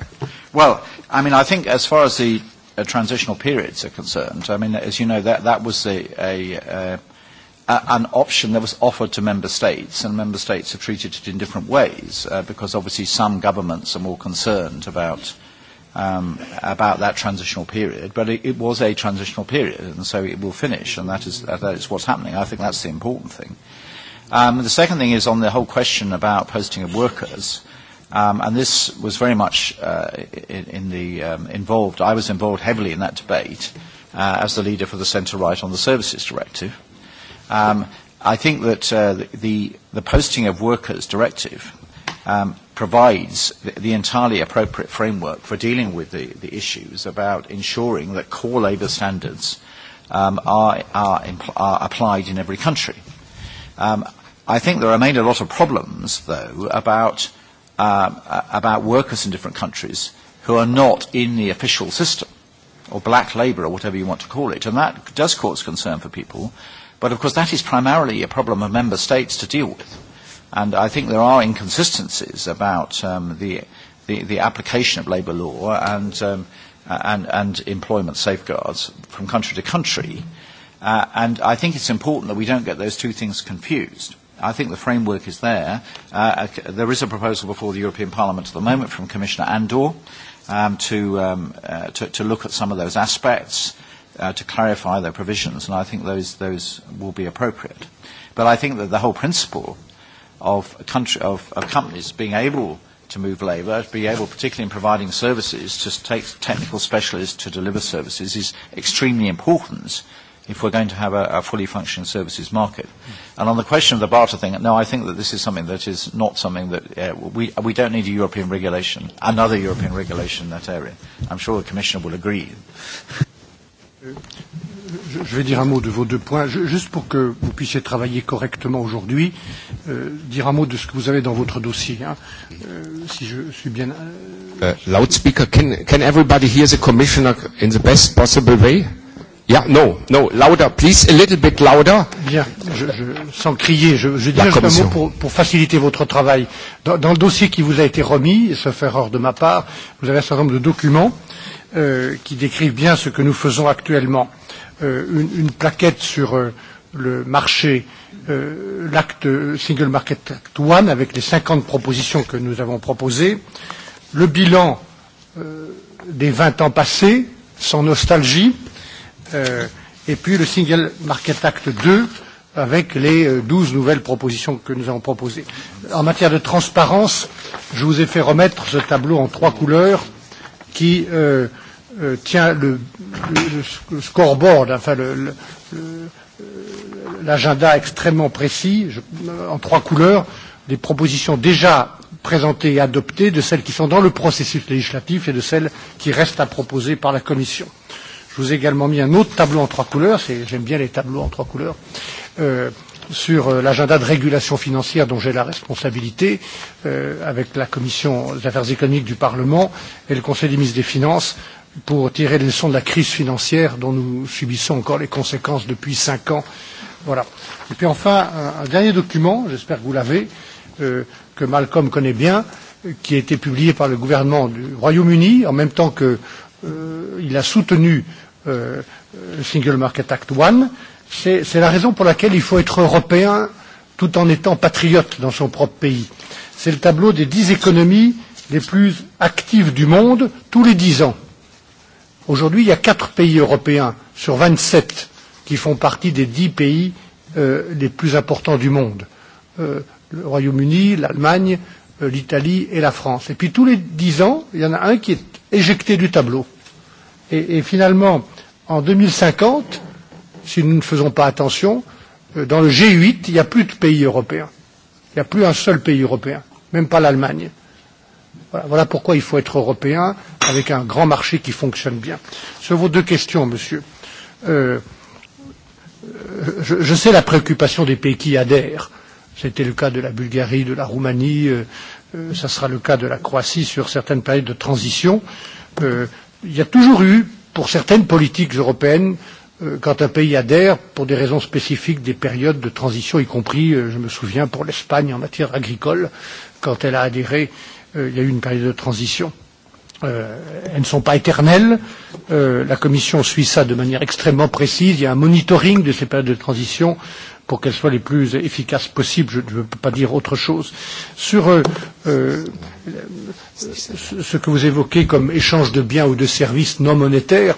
Well, I mean, I think as far as the uh, transitional periods are concerned, I mean, as you know, that, that was a, a, uh, an option that was offered to member states, and member states have treated it in different ways, uh, because obviously some governments are more concerned about uh, um, about that transitional period, but it, it was a transitional period, and so it will finish, and that is, that is what's happening. I think that's the important thing. Um, the second thing is on the whole question about posting of workers, um, and this was very much uh, in, in the, um, involved. I was involved heavily in that debate uh, as the leader for the centre-right on the services directive. Um, I think that uh, the, the posting of workers directive um, provides the, the entirely appropriate framework for dealing with the, the issues about ensuring that core labour standards um, are, are, impl- are applied in every country. Um, I think there remain a lot of problems, though, about, um, about workers in different countries who are not in the official system, or black labour, or whatever you want to call it. And that does cause concern for people. But, of course, that is primarily a problem of member states to deal with And I think there are inconsistencies about um, the, the, the application of labour law and, um, and, and employment safeguards from country to country. Uh, and I think it's important that we don't get those two things confused. I think the framework is there. Uh, there is a proposal before the European Parliament at the moment from Commissioner Andor um, to, um, uh, to, to look at some of those aspects, uh, to clarify their provisions, and I think those, those will be appropriate. But I think that the whole principle of, country, of, of companies being able to move labour, to be able, particularly in providing services, to take technical specialists to deliver services is extremely important if we're going to have a, a fully functioning services market. And on the question of the barter thing, no, I think that this is something that is not something that uh, we, we don't need a European regulation, another European regulation in that area. I'm sure the Commissioner will agree je, je vais dire un mot de vos deux points, je, juste pour que vous puissiez travailler correctement aujourd'hui, euh, dire un mot de ce que vous avez dans votre dossier, hein, euh, si je suis bien. Euh... Uh, loudspeaker, can, can everybody hear the commissioner in the best possible way? Yeah, no, no, louder, please, a little bit louder. Bien, je, je, sans crier, je, je dis juste un mot pour, pour faciliter votre travail. Dans, dans le dossier qui vous a été remis, et ce faire erreur de ma part, vous avez un certain nombre de documents euh, qui décrivent bien ce que nous faisons actuellement euh, une, une plaquette sur euh, le marché, euh, l'acte Single Market Act I avec les 50 propositions que nous avons proposées, le bilan euh, des 20 ans passés, sans nostalgie, euh, et puis le Single Market Act 2, avec les douze nouvelles propositions que nous avons proposées. En matière de transparence, je vous ai fait remettre ce tableau en trois couleurs qui euh, euh, tient le, le, le scoreboard, enfin le, le, l'agenda extrêmement précis, je, en trois couleurs, des propositions déjà présentées et adoptées, de celles qui sont dans le processus législatif et de celles qui restent à proposer par la Commission. Je vous ai également mis un autre tableau en trois couleurs, j'aime bien les tableaux en trois couleurs, euh, sur l'agenda de régulation financière dont j'ai la responsabilité euh, avec la Commission des affaires économiques du Parlement et le Conseil des ministres des Finances pour tirer les leçons de la crise financière dont nous subissons encore les conséquences depuis cinq ans. Voilà. Et puis enfin, un, un dernier document, j'espère que vous l'avez, euh, que Malcolm connaît bien, qui a été publié par le gouvernement du Royaume-Uni en même temps qu'il euh, a soutenu euh, le Single Market Act One. C'est la raison pour laquelle il faut être européen tout en étant patriote dans son propre pays. C'est le tableau des dix économies les plus actives du monde tous les dix ans Aujourd'hui, il y a quatre pays européens sur vingt sept qui font partie des dix pays les plus importants du monde le Royaume-Uni, l'Allemagne, l'Italie et la France. Et puis tous les dix ans, il y en a un qui est éjecté du tableau. Et, et finalement, en deux mille cinquante, si nous ne faisons pas attention, dans le g huit, il n'y a plus de pays européens. Il n'y a plus un seul pays européen, même pas l'Allemagne. Voilà, voilà pourquoi il faut être européen avec un grand marché qui fonctionne bien. Sur vos deux questions, monsieur, euh, je, je sais la préoccupation des pays qui y adhèrent. C'était le cas de la Bulgarie, de la Roumanie, euh, euh, ça sera le cas de la Croatie sur certaines périodes de transition. Euh, il y a toujours eu, pour certaines politiques européennes, quand un pays adhère, pour des raisons spécifiques, des périodes de transition, y compris, je me souviens, pour l'Espagne en matière agricole, quand elle a adhéré il y a eu une période de transition. Euh, elles ne sont pas éternelles. Euh, la Commission suit ça de manière extrêmement précise. Il y a un monitoring de ces périodes de transition pour qu'elles soient les plus efficaces possibles. Je ne peux pas dire autre chose. Sur euh, euh, ce que vous évoquez comme échange de biens ou de services non monétaires,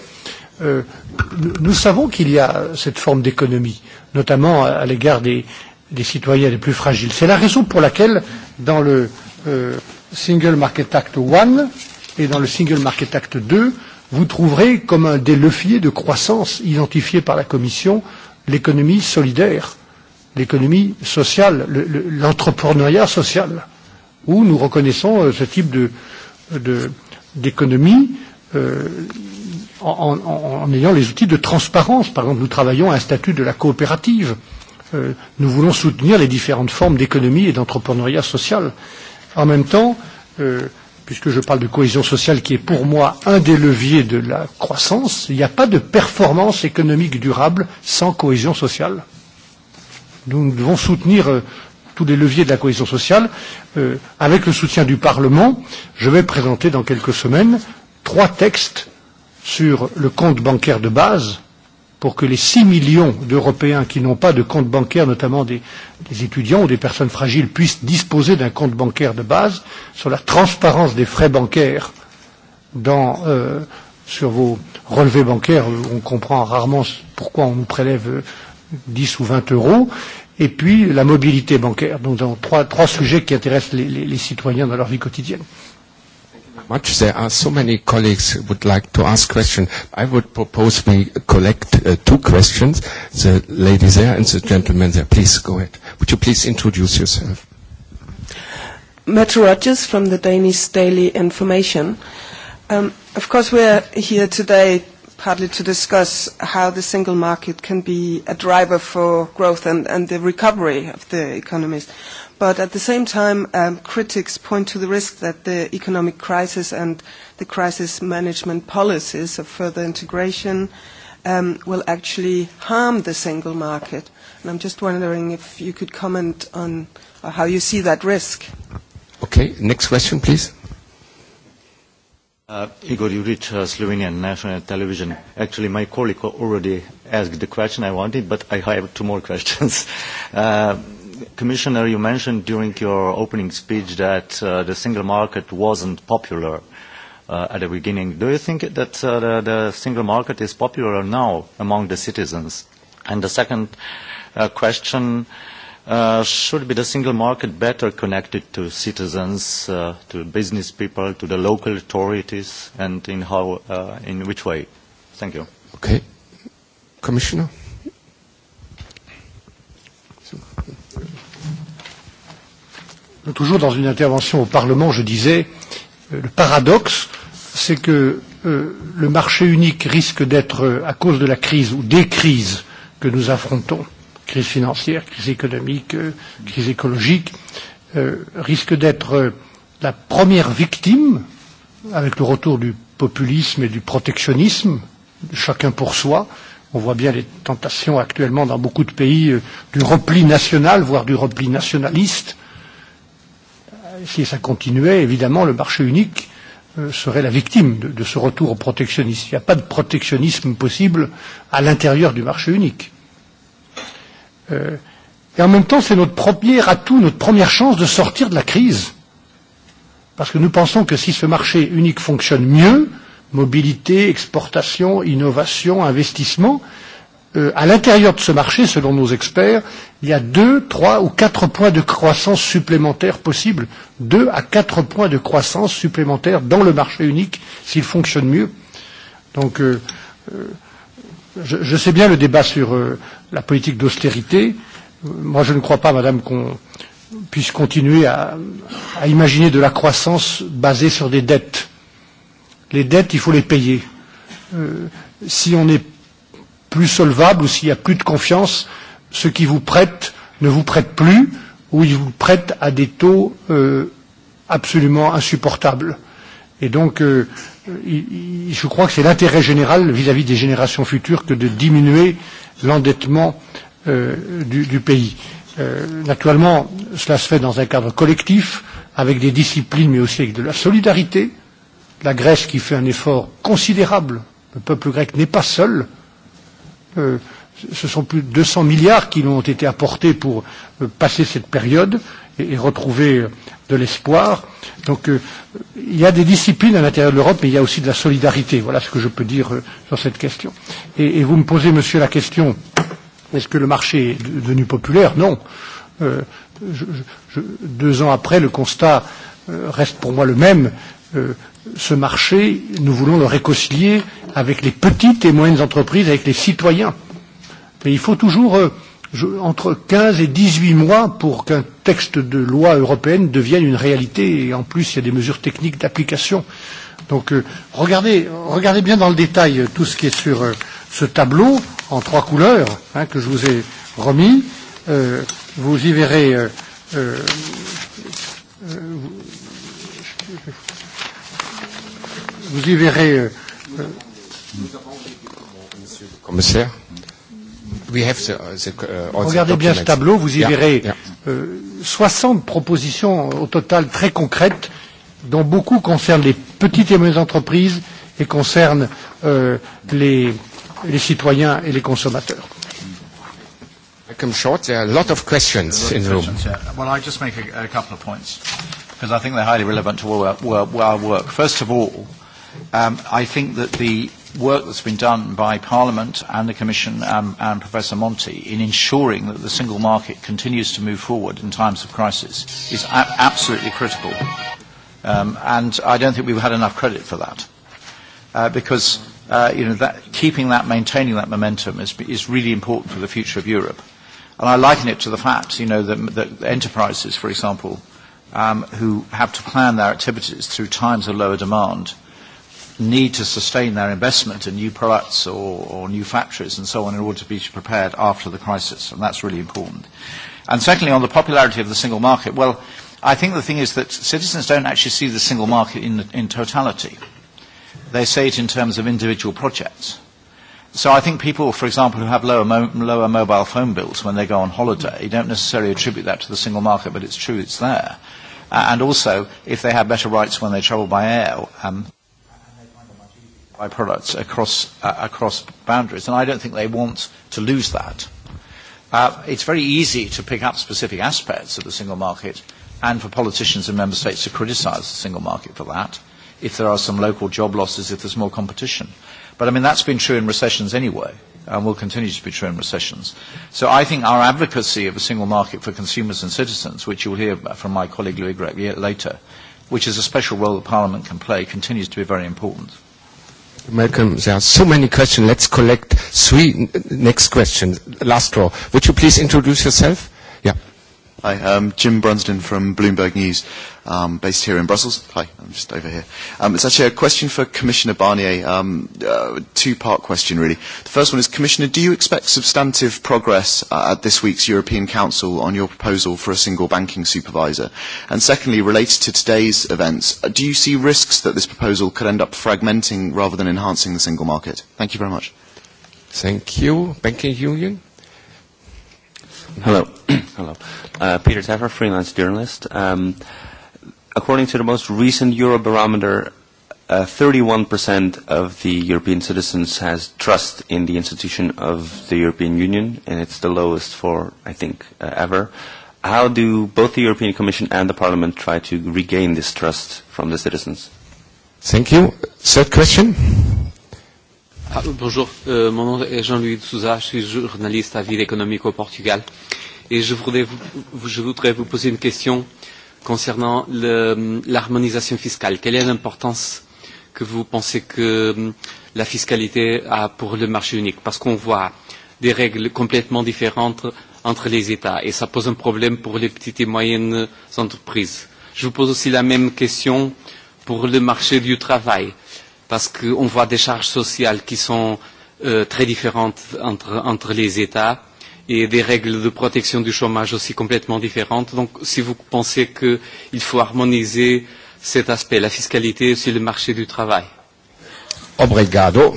euh, nous savons qu'il y a cette forme d'économie, notamment à l'égard des, des citoyens les plus fragiles. C'est la raison pour laquelle, dans le euh, Single Market Act 1 et dans le Single Market Act 2, vous trouverez comme un des leviers de croissance identifiés par la Commission l'économie solidaire, l'économie sociale, l'entrepreneuriat social, où nous reconnaissons ce type d'économie en, en, en ayant les outils de transparence. Par exemple, nous travaillons à un statut de la coopérative. Euh, nous voulons soutenir les différentes formes d'économie et d'entrepreneuriat social. En même temps, euh, puisque je parle de cohésion sociale qui est pour moi un des leviers de la croissance, il n'y a pas de performance économique durable sans cohésion sociale. Nous devons soutenir euh, tous les leviers de la cohésion sociale. Euh, avec le soutien du Parlement, je vais présenter dans quelques semaines trois textes sur le compte bancaire de base, pour que les 6 millions d'Européens qui n'ont pas de compte bancaire, notamment des, des étudiants ou des personnes fragiles, puissent disposer d'un compte bancaire de base, sur la transparence des frais bancaires dans, euh, sur vos relevés bancaires, on comprend rarement pourquoi on nous prélève 10 ou 20 euros, et puis la mobilité bancaire. Donc, dans trois, trois sujets qui intéressent les, les, les citoyens dans leur vie quotidienne much. There are so many colleagues who would like to ask questions. I would propose we collect uh, two questions. The lady there and the gentleman there. Please go ahead. Would you please introduce yourself? Matt Rogers from the Danish Daily Information. Um, of course, we're here today partly to discuss how the single market can be a driver for growth and, and the recovery of the economies. But at the same time, um, critics point to the risk that the economic crisis and the crisis management policies of further integration um, will actually harm the single market. And I'm just wondering if you could comment on how you see that risk. Okay, next question, please. Uh, Igor Juric, uh, Slovenian National Television. Actually, my colleague already asked the question I wanted, but I have two more questions. Uh, Commissioner, you mentioned during your opening speech that uh, the single market wasn't popular uh, at the beginning. Do you think that uh, the, the single market is popular now among the citizens? And the second uh, question, Uh, should be the single market better connected to citizens, uh, to business people, to the local authorities, and in how, uh, in which way? Thank you. Okay, Commissioner. Toujours dans une intervention au Parlement, je disais le paradoxe, c'est que euh, le marché unique risque d'être, à cause de la crise ou des crises que nous affrontons, euh, crise financière, crise économique, crise écologique, risque d'être la première victime, avec le retour du populisme et du protectionnisme, chacun pour soi. On voit bien les tentations actuellement dans beaucoup de pays du repli national, voire du repli nationaliste. Si ça continuait, évidemment, le marché unique serait la victime de, de ce retour au protectionnisme. Il n'y a pas de protectionnisme possible à l'intérieur du marché unique. Euh, et en même temps, c'est notre premier atout, notre première chance de sortir de la crise. Parce que nous pensons que si ce marché unique fonctionne mieux, mobilité, exportation, innovation, investissement, euh, à l'intérieur de ce marché, selon nos experts, il y a deux, trois ou quatre points de croissance supplémentaires possibles, deux à quatre points de croissance supplémentaires dans le marché unique s'il fonctionne mieux. Donc, euh, euh, je, je sais bien le débat sur euh, la politique d'austérité. Moi, je ne crois pas, Madame, qu'on puisse continuer à, à imaginer de la croissance basée sur des dettes. Les dettes, il faut les payer. Euh, si on n'est plus solvable ou s'il n'y a plus de confiance, ceux qui vous prêtent ne vous prêtent plus ou ils vous prêtent à des taux euh, absolument insupportables. Euh, Et donc, euh, je crois que c'est l'intérêt général vis-à-vis des générations futures que de diminuer l'endettement euh, du, du pays. Euh, naturellement, cela se fait dans un cadre collectif, avec des disciplines, mais aussi avec de la solidarité. La Grèce qui fait un effort considérable, le peuple grec n'est pas seul. Euh, ce sont plus de 200 milliards qui ont été apportés pour euh, passer cette période. Euh, et, et retrouver de l'espoir. Donc euh, il y a des disciplines à l'intérieur de l'Europe, mais il y a aussi de la solidarité. Voilà ce que je peux dire euh, sur cette question. Et, et vous me posez, monsieur, la question est-ce que le marché est devenu populaire Non. Euh, je, je, deux ans après, le constat euh, reste pour moi le même. Euh, ce marché, nous voulons le réconcilier avec les petites et moyennes entreprises, avec les citoyens. Mais il faut toujours euh, entre 15 et 18 mois pour qu'un texte de loi européenne devienne une réalité. Et en plus, il y a des mesures techniques d'application. Donc euh, regardez, regardez bien dans le détail tout ce qui est sur euh, ce tableau en trois couleurs hein, que je vous ai remis. Euh, vous y verrez. Euh, euh, vous y verrez. Euh, Monsieur le commissaire, Regardez bien ce tableau, vous y yeah, verrez soixante propositions au total très concrètes, dont beaucoup concernent les petites et moyennes entreprises et concernent euh, les, les citoyens et les consommateurs. I come short. There are a lot of questions in the room. Well, I just make a, a couple of points because I think they're highly relevant to our, our, our work. First of all, um, I think that the work that's been done by Parliament and the Commission um, and Professor Monti in ensuring that the single market continues to move forward in times of crisis is a- absolutely critical. Um, and I don't think we've had enough credit for that uh, because uh, you know, that, keeping that, maintaining that momentum is, is really important for the future of Europe. And I liken it to the fact you know, that, that enterprises, for example, um, who have to plan their activities through times of lower demand – need to sustain their investment in new products or, or new factories and so on in order to be prepared after the crisis, and that's really important. And secondly, on the popularity of the single market, well, I think the thing is that citizens don't actually see the single market in, in totality. They say it in terms of individual projects. So I think people, for example, who have lower, mo- lower mobile phone bills when they go on holiday don't necessarily attribute that to the single market, but it's true it's there. Uh, and also, if they have better rights when they travel by air, um, products across, uh, across boundaries, and I don't think they want to lose that. Uh, it's very easy to pick up specific aspects of the single market and for politicians in member states to criticise the single market for that if there are some local job losses, if there's more competition. But I mean, that's been true in recessions anyway, and will continue to be true in recessions. So I think our advocacy of a single market for consumers and citizens, which you'll hear from my colleague Louis Grech later, which is a special role that Parliament can play, continues to be very important. Malcolm, there are so many questions. Let's collect three next questions. Last row. Would you please introduce yourself? Yeah. Hi, um, Jim Brunsden from Bloomberg News, um, based here in Brussels. Hi, I'm just over here. Um, it's actually a question for Commissioner Barnier, um, uh, two-part question really. The first one is, Commissioner, do you expect substantive progress uh, at this week's European Council on your proposal for a single banking supervisor? And secondly, related to today's events, do you see risks that this proposal could end up fragmenting rather than enhancing the single market? Thank you very much. Thank you. Banking Union? Hello. Hello. Uh, Peter Teffer, freelance journalist. Um, according to the most recent Eurobarometer, uh, 31% of the European citizens has trust in the institution of the European Union, and it's the lowest for, I think, uh, ever. How do both the European Commission and the Parliament try to regain this trust from the citizens? Thank you. Third question. Ah, bonjour, euh, mon nom est Jean-Louis de Souza, je suis journaliste à Ville économique au Portugal et je voudrais vous, je voudrais vous poser une question concernant l'harmonisation fiscale. Quelle est l'importance que vous pensez que la fiscalité a pour le marché unique Parce qu'on voit des règles complètement différentes entre les États et ça pose un problème pour les petites et moyennes entreprises. Je vous pose aussi la même question pour le marché du travail parce qu'on voit des charges sociales qui sont euh, très différentes entre, entre les États et des règles de protection du chômage aussi complètement différentes. Donc si vous pensez qu'il faut harmoniser cet aspect, la fiscalité sur le marché du travail. Obrigado.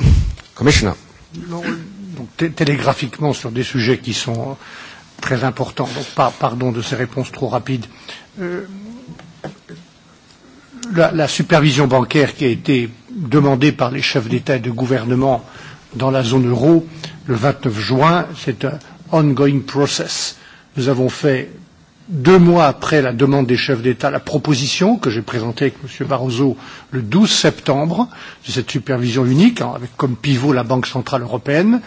Commissioner. Télégraphiquement sur des sujets qui sont très importants, donc par, pardon de ces réponses trop rapides. Euh, la, la supervision bancaire qui a été demandé par les chefs d'État et de gouvernement dans la zone euro le 29 juin. C'est un ongoing process. Nous avons fait deux mois après la demande des chefs d'État, la proposition que j'ai présentée avec M. Barroso le 12 septembre de cette supervision unique, avec comme pivot la Banque centrale européenne.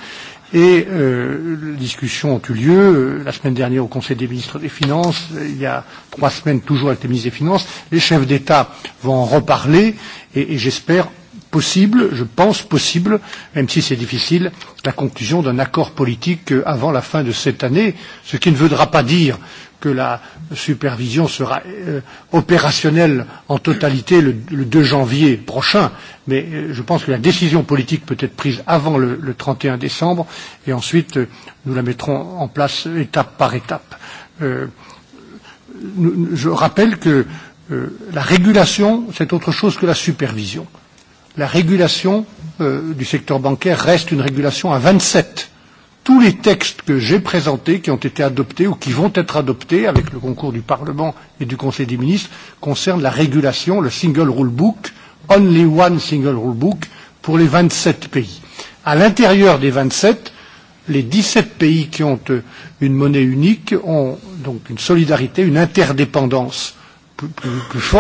Et euh, les discussions ont eu lieu la semaine dernière au Conseil des ministres des Finances, il y a trois semaines toujours avec les ministres des Finances. Les chefs d'État vont en reparler et, et j'espère possible, je pense possible, même si c'est difficile, la conclusion d'un accord politique avant la fin de cette année, ce qui ne voudra pas dire que la supervision sera opérationnelle en totalité le, le 2 janvier prochain, mais je pense que la décision politique peut être prise avant le, le 31 décembre et ensuite nous la mettrons en place étape par étape. Euh, je rappelle que la régulation, c'est autre chose que la supervision la régulation euh, du secteur bancaire reste une régulation à 27. Tous les textes que j'ai présentés, qui ont été adoptés ou qui vont être adoptés avec le concours du Parlement et du Conseil des ministres, concernent la régulation, le single rule book, only one single rule book pour les 27 pays. À l'intérieur des 27, les 17 pays qui ont une monnaie unique ont donc une solidarité, une interdépendance plus, plus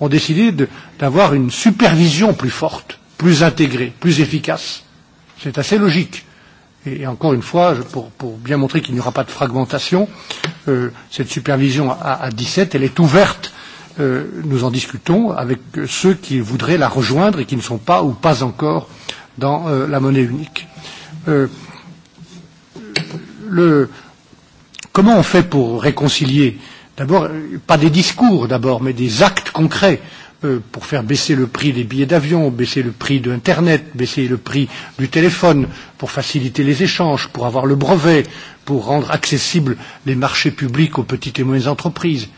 ont décidé d'avoir une supervision plus forte, plus intégrée, plus efficace. C'est assez logique. Et, et encore une fois, pour, pour bien montrer qu'il n'y aura pas de fragmentation, euh, cette supervision à, à 17, elle est ouverte. Euh, nous en discutons avec ceux qui voudraient la rejoindre et qui ne sont pas ou pas encore dans euh, la monnaie unique. Euh, le, comment on fait pour réconcilier euh, d'abord, pas des discours d'abord, mais des actes concrets pour faire baisser le prix des billets d'avion, baisser le prix de l'Internet, baisser le prix du téléphone, pour faciliter les échanges, pour avoir le brevet, pour rendre accessibles les marchés publics aux petites et moyennes entreprises.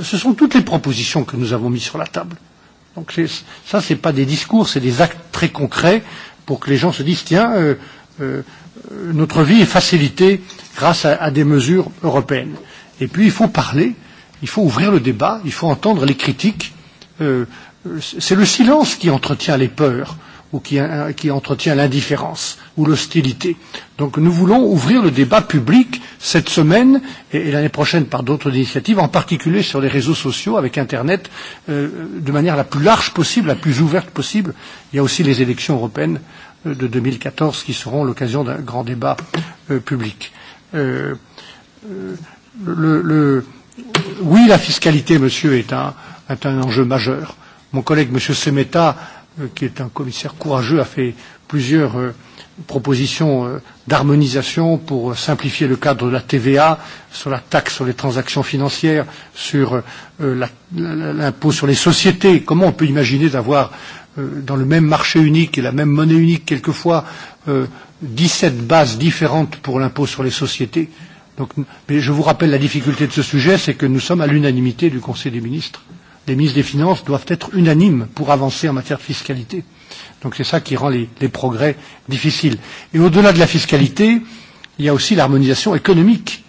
Ce sont toutes les propositions que nous avons mises sur la table. Donc ça, ce n'est pas des discours, c'est des actes très concrets pour que les gens se disent tiens, euh, euh, notre vie est facilitée grâce à, à des mesures européennes. Et puis il faut parler, il faut ouvrir le débat, il faut entendre les critiques. Euh, c'est le silence qui entretient les peurs ou qui, qui entretient l'indifférence ou l'hostilité. Donc nous voulons ouvrir le débat public cette semaine et, et l'année prochaine par d'autres initiatives, en particulier sur les réseaux sociaux avec Internet, euh, de manière la plus large possible, la plus ouverte possible. Il y a aussi les élections européennes euh, de 2014 qui seront l'occasion d'un grand débat euh, public. Euh, euh, le, le, oui, la fiscalité, monsieur, est un, est un enjeu majeur. Mon collègue, monsieur Semeta, qui est un commissaire courageux, a fait plusieurs euh, propositions euh, d'harmonisation pour simplifier le cadre de la TVA, sur la taxe sur les transactions financières, sur euh, l'impôt sur les sociétés. Comment on peut imaginer d'avoir dans le même marché unique et la même monnaie unique quelquefois euh, 17 bases différentes pour l'impôt sur les sociétés Donc, mais je vous rappelle la difficulté de ce sujet, c'est que nous sommes à l'unanimité du Conseil des ministres. Les ministres des Finances doivent être unanimes pour avancer en matière de fiscalité. Donc c'est ça qui rend les, les progrès difficiles. Et au-delà de la fiscalité, il y a aussi l'harmonisation économique.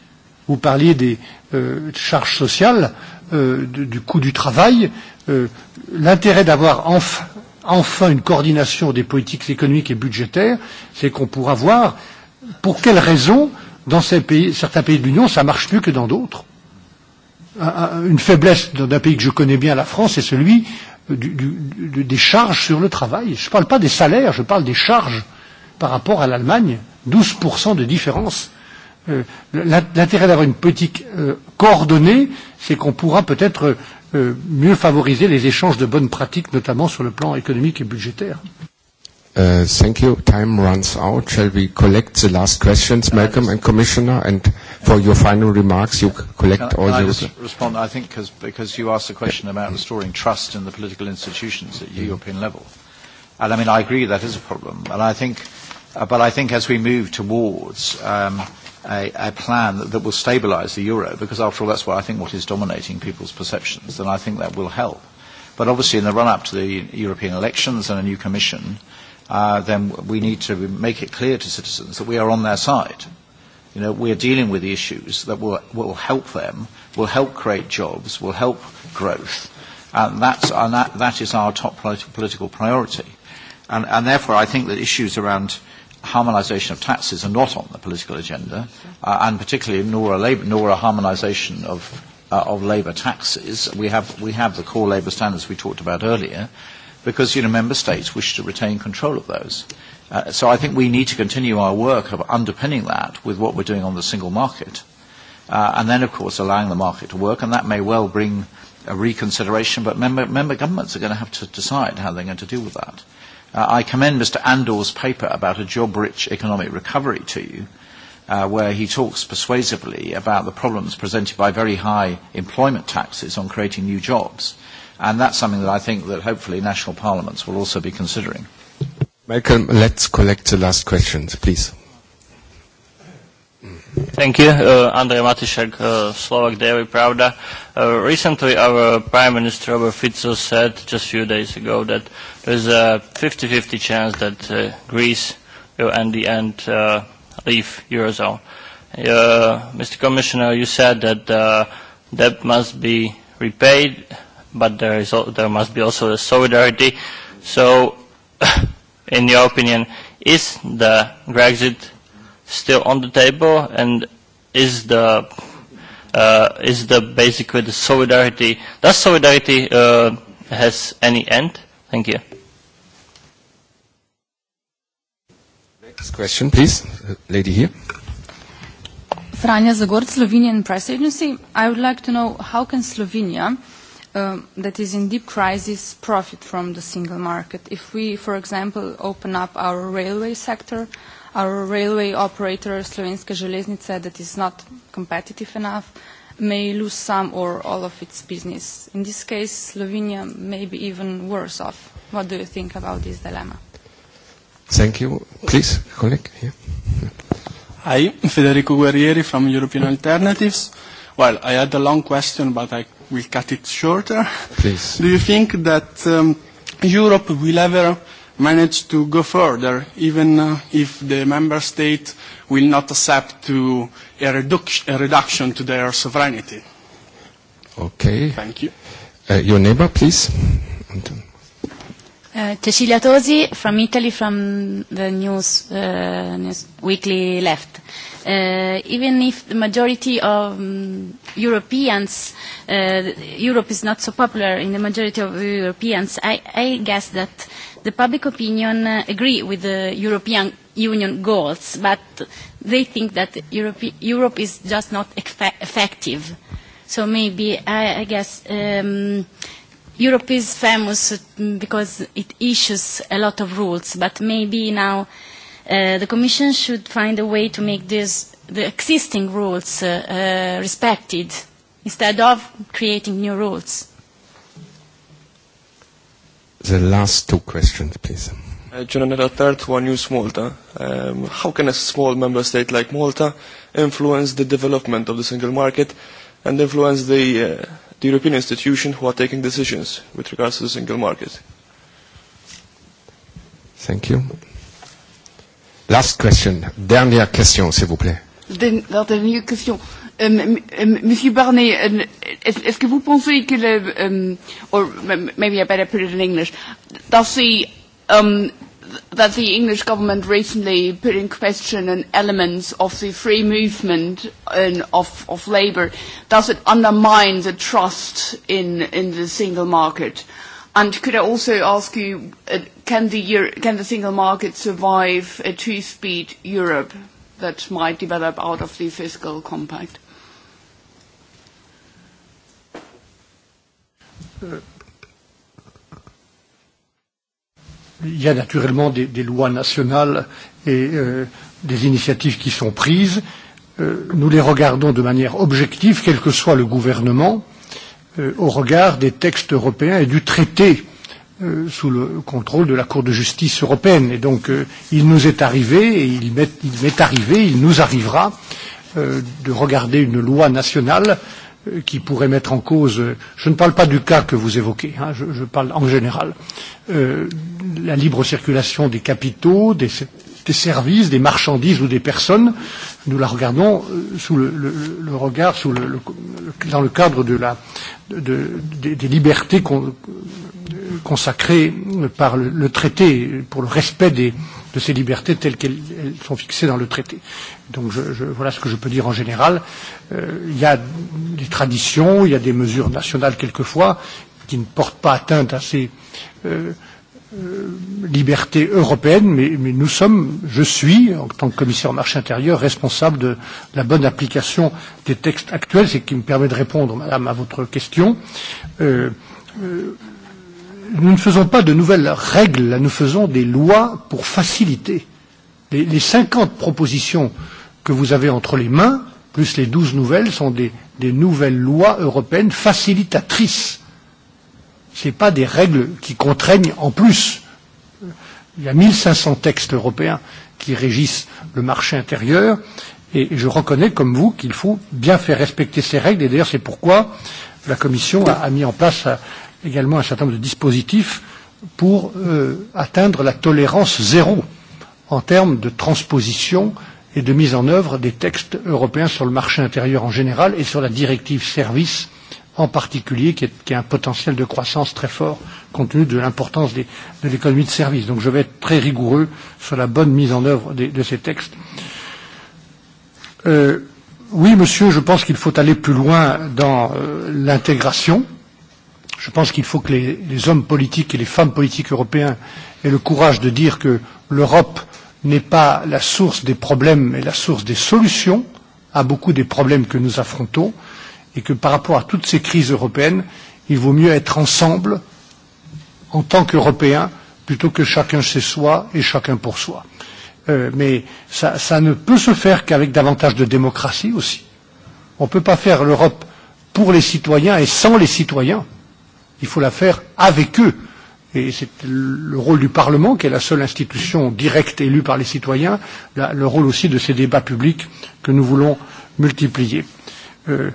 Vous parliez des euh, charges sociales, euh, du, du coût du travail. Euh, L'intérêt d'avoir enfin une coordination des politiques économiques et budgétaires, c'est qu'on pourra voir pour quelles raisons dans ces pays, certains pays de l'Union, ça marche mieux que dans d'autres. Une faiblesse d'un pays que je connais bien, la France, c'est celui du, du, des charges sur le travail. Je ne parle pas des salaires, je parle des charges par rapport à l'Allemagne. 12% de différence. L'intérêt d'avoir une politique coordonnée, c'est qu'on pourra peut-être mieux favoriser les échanges de bonnes pratiques, notamment sur le plan économique et budgétaire. Uh, thank you. Time runs out. Shall we collect the last questions, Malcolm and Commissioner? And for your final remarks, you collect all your... Can I respond? I think because you asked the question about restoring trust in the political institutions at European level. And I mean, I agree that is a problem. And I think, but I think as we move towards um, a, a plan that, that will stabilise the euro, because after all, that's what I think what is dominating people's perceptions, then I think that will help. But obviously, in the run-up to the European elections and a new commission, uh, then we need to make it clear to citizens that we are on their side. You know, we are dealing with the issues that will, will help them, will help create jobs, will help growth. And, that's, and that, that is our top political priority. And, and therefore, I think that issues around harmonisation of taxes are not on the political agenda, uh, and particularly nor a, labor, nor a harmonisation of, uh, of labour taxes. We have, we have the core labour standards we talked about earlier because you know, member states wish to retain control of those. Uh, so I think we need to continue our work of underpinning that with what we're doing on the single market. Uh, and then, of course, allowing the market to work, and that may well bring a reconsideration, but member, member governments are going to have to decide how they're going to deal with that. Uh, I commend Mr. Andor's paper about a job-rich economic recovery to you, uh, where he talks persuasively about the problems presented by very high employment taxes on creating new jobs. Uh, And that's something that I think that hopefully national parliaments will also be considering. Malcolm, let's collect the last questions, please. Thank you. Uh, Andrej Matyshek, uh, Slovak Daily Pravda. Uh, recently, our Prime Minister Robert Fico said just a few days ago that there's a 50-50 chance that uh, Greece will, in the end, uh, leave Eurozone. Uh, Mr. Commissioner, you said that uh, debt must be repaid but there, is, there must be also the solidarity. So, in your opinion, is the Brexit still on the table, and is the uh, is the basically the solidarity? Does solidarity uh, has any end? Thank you. Next question, please, lady here. Franja Zagor, Slovenian press agency. I would like to know how can Slovenia that is in deep crisis profit from the single market. If we, for example, open up our railway sector, our railway operator, Slovenska železnica, that is not competitive enough, may lose some or all of its business. In this case, Slovenia may be even worse off. What do you think about this dilemma? Thank you. Please, colleague Yeah. Hi, Federico Guerrieri from European Alternatives. Well, I had a long question, but I will cut it shorter. Please. Do you think that um, Europe will ever manage to go further, even uh, if the member state will not accept to a, reduc- a reduction to their sovereignty? Okay. Thank you. Uh, your neighbor, please. Anton. Uh, Cecilia Tosi from Italy, from the news, uh, news weekly left. Uh, even if the majority of um, Europeans, uh, Europe is not so popular in the majority of Europeans, I, I guess that the public opinion uh, agree with the European Union goals, but they think that Europe, Europe is just not effective. So maybe, I, I guess, um, Europe is famous because it issues a lot of rules, but maybe now uh, the Commission should find a way to make this, the existing rules uh, uh, respected instead of creating new rules. The last two questions, please. Uh, General third one use Malta. Um, how can a small member state like Malta influence the development of the single market and influence the uh, the European institutions who are taking decisions with regards to the single market. Thank you. Last question. Dernière question, s'il vous plaît. Dernière question. Monsieur Barnet, est-ce que vous pensez que le, or maybe I better put it in English, does the um, that the English government recently put in question an element of the free movement and of, of labour, does it undermine the trust in, in the single market? And could I also ask you, uh, can, the Euro- can the single market survive a two-speed Europe that might develop out of the fiscal compact? Il y a naturellement des, des lois nationales et euh, des initiatives qui sont prises. Euh, nous les regardons de manière objective, quel que soit le gouvernement, euh, au regard des textes européens et du traité euh, sous le contrôle de la Cour de justice européenne. Et donc, euh, il nous est arrivé, et il m'est arrivé, il nous arrivera, euh, de regarder une loi nationale qui pourrait mettre en cause je ne parle pas du cas que vous évoquez hein, je, je parle en général euh, la libre circulation des capitaux, des, des services, des marchandises ou des personnes nous la regardons sous le, le, le regard sous le, le, dans le cadre de la, de, des, des libertés consacrées par le, le traité pour le respect des, de ces libertés telles qu'elles sont fixées dans le traité. Donc je, je, voilà ce que je peux dire en général. Euh, il y a des traditions, il y a des mesures nationales quelquefois qui ne portent pas atteinte à ces euh, euh, libertés européennes, mais, mais nous sommes, je suis, en tant que commissaire au marché intérieur, responsable de la bonne application des textes actuels, ce qui me permet de répondre, madame, à votre question. Euh, euh, nous ne faisons pas de nouvelles règles, nous faisons des lois pour faciliter. Les, les 50 propositions que vous avez entre les mains, plus les 12 nouvelles, sont des, des nouvelles lois européennes facilitatrices. Ce n'est pas des règles qui contraignent en plus. Il y a 1500 textes européens qui régissent le marché intérieur et je reconnais comme vous qu'il faut bien faire respecter ces règles et d'ailleurs c'est pourquoi la Commission a, a mis en place également un certain nombre de dispositifs pour euh, atteindre la tolérance zéro en termes de transposition et de mise en œuvre des textes européens sur le marché intérieur en général et sur la directive services en particulier, qui, est, qui a un potentiel de croissance très fort compte tenu de l'importance de l'économie de service. Donc je vais être très rigoureux sur la bonne mise en œuvre de, de ces textes. Euh, oui, monsieur, je pense qu'il faut aller plus loin dans euh, l'intégration. Euh, Je pense qu'il faut que les, les hommes politiques et les femmes politiques européens aient le courage de dire que l'Europe n'est pas la source des problèmes, mais la source des solutions à beaucoup des problèmes que nous affrontons, et que par rapport à toutes ces crises européennes, il vaut mieux être ensemble en tant qu'Européens plutôt que chacun chez soi et chacun pour soi. Euh, mais ça, ça ne peut se faire qu'avec davantage de démocratie aussi. On ne peut pas faire l'Europe pour les citoyens et sans les citoyens. Il faut la faire avec eux. Et c'est le rôle du Parlement, qui est la seule institution directe élue par les citoyens, le rôle aussi de ces débats publics que nous voulons multiplier. Euh,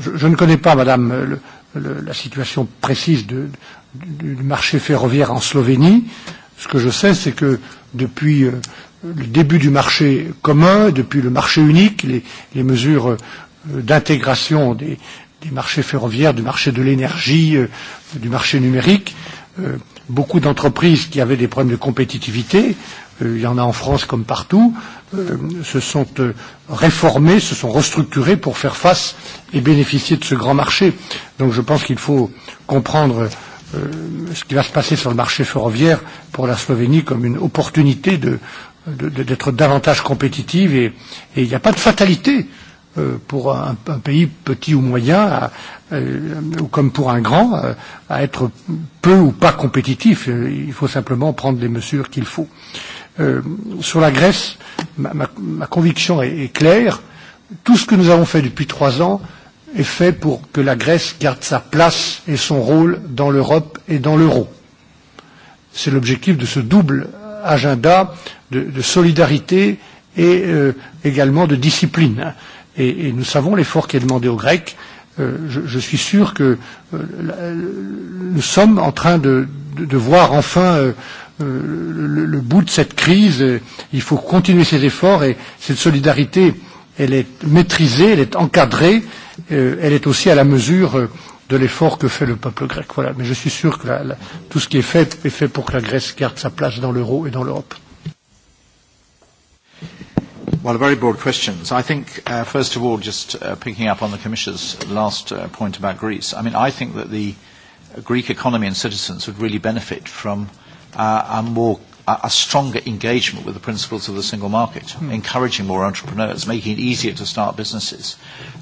je, je ne connais pas, Madame, le, le, la situation précise de, du, du marché ferroviaire en Slovénie. Ce que je sais, c'est que depuis le début du marché commun, depuis le marché unique, les, les mesures d'intégration des, des marchés ferroviaires, du marché de l'énergie, euh, du marché numérique. Euh, beaucoup d'entreprises qui avaient des problèmes de compétitivité, euh, il y en a en France comme partout, euh, se sont euh, réformées, se sont restructurées pour faire face et bénéficier de ce grand marché. Donc je pense qu'il faut comprendre euh, ce qui va se passer sur le marché ferroviaire pour la Slovénie comme une opportunité de d'être davantage compétitive et, et il n'y a pas de fatalité. Euh, pour un, un pays petit ou moyen, à, euh, comme pour un grand, à être peu ou pas compétitif. Il faut simplement prendre les mesures qu'il faut. Euh, sur la Grèce, ma, ma, ma conviction est, est claire. Tout ce que nous avons fait depuis trois ans est fait pour que la Grèce garde sa place et son rôle dans l'Europe et dans l'euro. C'est l'objectif de ce double agenda de, de solidarité et euh, également de discipline. Euh, et, et nous savons l'effort qui est demandé aux Grecs. Euh, je, je suis sûr que euh, nous sommes en train de, de, de voir enfin euh, euh, le, le bout de cette crise. Il faut continuer ces efforts et cette solidarité, elle est maîtrisée, elle est encadrée, euh, elle est aussi à la mesure euh, de l'effort que fait le peuple grec. Voilà. Mais je suis sûr que la, la, tout ce qui est fait est fait pour que la Grèce garde sa place dans l'euro et dans l'Europe. Well, very broad questions. I think, uh, first of all, just uh, picking up on the Commissioner's last uh, point about Greece, I mean, I think that the Greek economy and citizens would really benefit from uh, a more a stronger engagement with the principles of the single market, hmm. encouraging more entrepreneurs, making it easier to start businesses,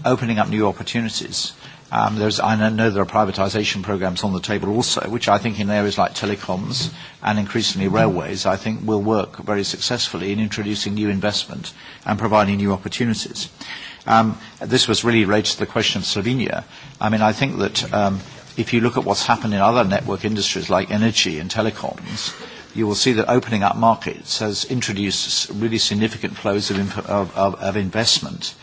opening up new opportunities. Um, there's, I know there are privatisation programmes on the table also, which I think in areas like telecoms and increasingly railways, I think will work very successfully in introducing new investment and providing new opportunities. Um, this was really related to the question of Slovenia. I mean, I think that um, if you look at what's happened in other network industries like energy and telecoms, you will see that opening up markets has introduced really significant flows of, of, of, of investment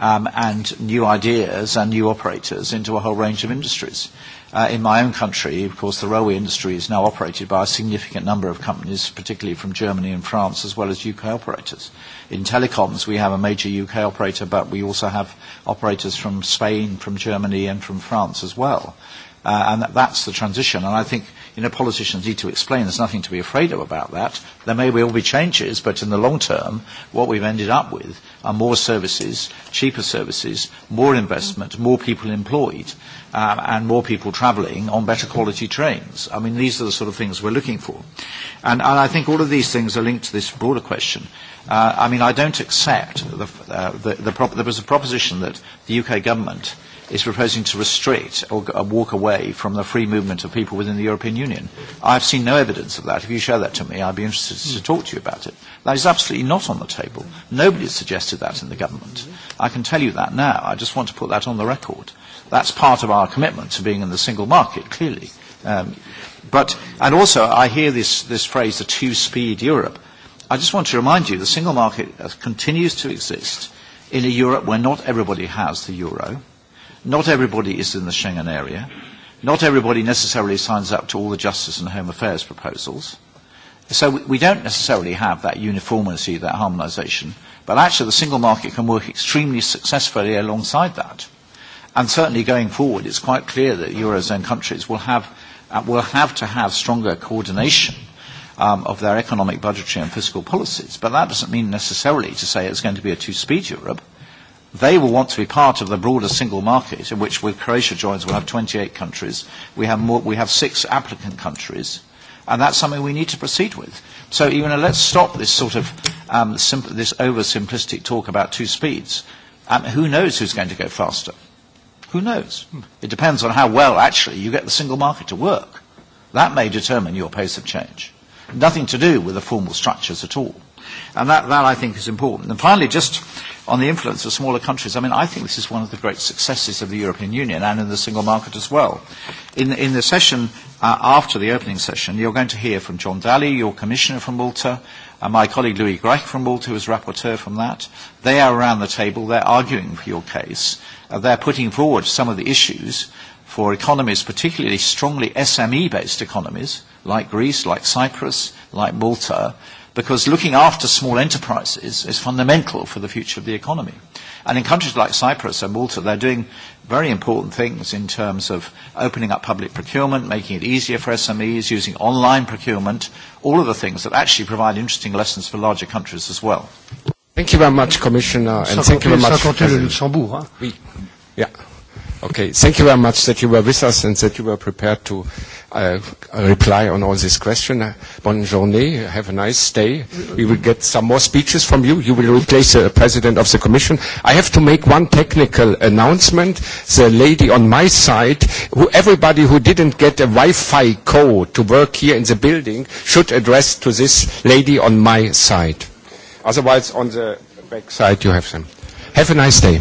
um, and new ideas and new operators into a whole range of industries. Uh, in my own country, of course, the railway industry is now operated by a significant number of companies, particularly from Germany and France, as well as UK operators. In telecoms, we have a major UK operator, but we also have operators from Spain, from Germany, and from France as well. Uh, and that, that's the transition. And I think You know, politicians need to explain there's nothing to be afraid of about that. There may well be changes, but in the long term, what we've ended up with are more services, cheaper services, more investment, more people employed, um, and more people travelling on better quality trains. I mean, these are the sort of things we're looking for. And, and I think all of these things are linked to this broader question. Uh, I mean, I don't accept the, uh, the, the prop- there was a proposition that the UK government – is proposing to restrict or walk away from the free movement of people within the European Union. I've seen no evidence of that. If you show that to me, I'd be interested to talk to you about it. That is absolutely not on the table. Nobody has suggested that in the government. I can tell you that now. I just want to put that on the record. That's part of our commitment to being in the single market, clearly. Um, but, and also, I hear this, this phrase, the two-speed Europe. I just want to remind you, the single market continues to exist in a Europe where not everybody has the euro Not everybody is in the Schengen area. Not everybody necessarily signs up to all the justice and home affairs proposals. So we don't necessarily have that uniformity, that harmonisation. But actually, the single market can work extremely successfully alongside that. And certainly going forward, it's quite clear that Eurozone countries will have, uh, will have to have stronger coordination um, of their economic, budgetary and fiscal policies. But that doesn't mean necessarily to say it's going to be a two-speed Europe. They will want to be part of the broader single market, in which when Croatia joins, we'll have 28 countries. We have, more, we have six applicant countries, and that's something we need to proceed with. So even let's stop this sort of um, simp- this oversimplistic talk about two speeds. Um, who knows who's going to go faster? Who knows? It depends on how well, actually, you get the single market to work. That may determine your pace of change. Nothing to do with the formal structures at all. And that, that I think is important. And finally, just on the influence of smaller countries, I mean, I think this is one of the great successes of the European Union and in the single market as well. In, in the session uh, after the opening session, you're going to hear from John Daly, your commissioner from Malta, and my colleague Louis Grech from Malta, who is rapporteur from that. They are around the table, they're arguing for your case, uh, they're putting forward some of the issues for economies, particularly strongly SME-based economies, like Greece, like Cyprus, like Malta, because looking after small enterprises is fundamental for the future of the economy. And in countries like Cyprus and Malta, they're doing very important things in terms of opening up public procurement, making it easier for SMEs, using online procurement, all of the things that actually provide interesting lessons for larger countries as well. Thank you very much, Commissioner, and thank you very much. Luxembourg. Oui. Yeah. Okay. Thank you very much that you were with us and that you were prepared to uh, reply on all these questions. Bonne journée. Have a nice day. We will get some more speeches from you. You will replace the president of the commission. I have to make one technical announcement. The lady on my side, who, everybody who didn't get a Wi-Fi code to work here in the building should address to this lady on my side. Otherwise, on the back side, you have them. Have a nice day.